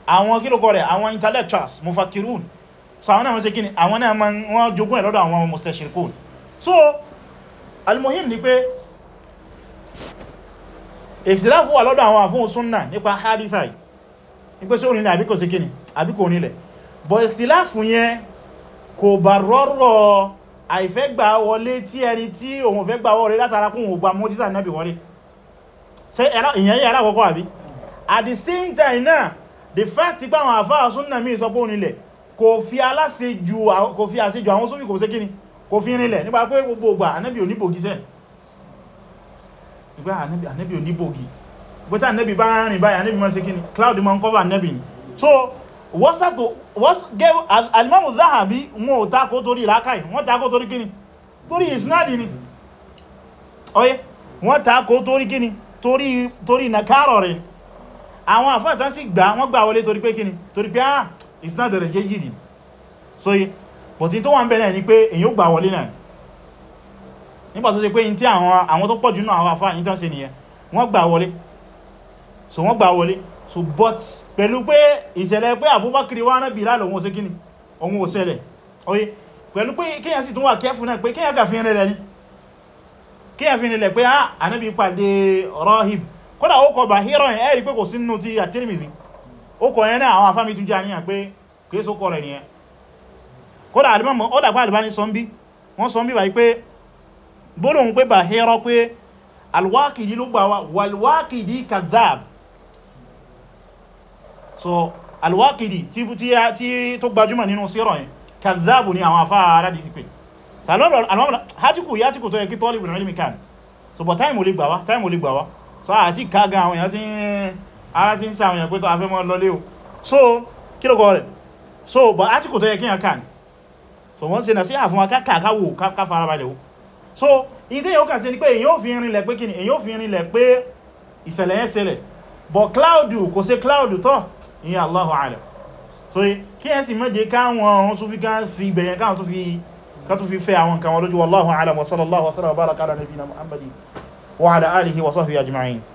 [SPEAKER 1] àwọn kílòkọ rẹ̀ àwọn intellectuals mufakirun so àwọn náà ṣe kíni àwọn náà ma wọ́n jogún ẹ̀ lọ́dọ̀ àwọn mustashirikun so almuhim ni pé ìsìláfù wà lọ́dọ̀ àwọn àfún súnnà nípa harifai ní pé sóòrìn àbí kò sí kíni àbí kò nílẹ̀ bọ̀ ìsìláfù yẹn kò bá rọ́rọ̀ àìfẹ́ gbà wọlé tí ẹni tí òun fẹ́ gbà wọlé látara kún ògbà mọ́jísà náà bí wọlé at the same time náà the fact pé àwọn àfáà súnnà míì sọ pé ó nílẹ̀ kò fi aláṣejù àwọn sófì kò sí kíni kò fi nílẹ̀ nípa pé gbogbo ògbà pé ànẹ́bì ò níbògì bọ́tá ànẹ́bì bá rìn báyìí ànẹ́bì máa ṣe kí ni cloud máa ń cover ànẹ́bì ni so alimamu zahabi wọn ò takó torí ìrákàì wọ́n takó torí kíni torí ìsinádi ni oye wọ́n takó torí kíni torí nàkárọ̀ rẹ̀ àwọn àfáàtán sì ah, so yí bọ̀tí tó wà ń bẹ̀rẹ̀ ni pé èyí ó gbà wọlé náà nígbà tó ṣe pé in tí àwọn tó pọ̀jù náà àwọn afá yìí tán ṣe nìyẹn wọ́n gbà wọlé so wọ́n gbà wọlé so but pẹ̀lú pé ìṣẹ̀lẹ̀ pé Abubakar wá náà Bilal òun ṣe kíni òun ò ṣẹlẹ̀ oye pẹ̀lú pé kíyàn sì tún wà kẹ́fù náà pé kíyàn kàfin rẹ̀ ní kíyàn fi nílẹ̀ pé á ah, ànábì pàdé rahib kódà ó kọ bà hírọ̀ yẹn ẹ́rì pé kò sínú ti àtírìmìdì ó kọ yẹn náà àwọn afámi tún jẹ́ àníyàn pé kìí sókọ rẹ̀ nìyẹn kódà ó dàgbà àlìbá ní sọ́nbí wọ́n sọ́nbí wáyé pé bọ́lọ̀un pé bà hẹ́rọ pé alwákìdí ló gbàwà walwákìdí kazab so alwákìdí tí tó gbajúmọ̀ nínú sírọ̀ yìí kazab ni àwọn afá ara dì sí pé hátìkù yá tìkù tó yẹ kí tọ́lì ìrìn ilmi kan so but time olè gbàwá time olè gbàwá so àti kága àwọn èèyàn sa àwọn èèyàn pé tó so kí ló so but hátìkù tó so wọ́n ṣe nà sí àfún akákàkáwò ká farabalẹ̀ o so ìdí èyàn kà sí ní pé èyàn ò fi rinlẹ̀ pé kíni èyàn ò fi rinlẹ̀ pé ìṣẹ̀lẹ̀ yẹn ṣẹlẹ̀ but cloud kò sí cloud tọ́ ìyẹn Allahu alam so kí ẹ sì mẹ́jẹ káwọn ọ̀run sún fi ká fi ibẹ̀yẹn káwọn tó fi fẹ́ àwọn kan wọn lójú Wallahu alam wa sallallahu wa sallam wa baraka ala nabina Muhammadin wa ala alihi wa sahbihi ajma'in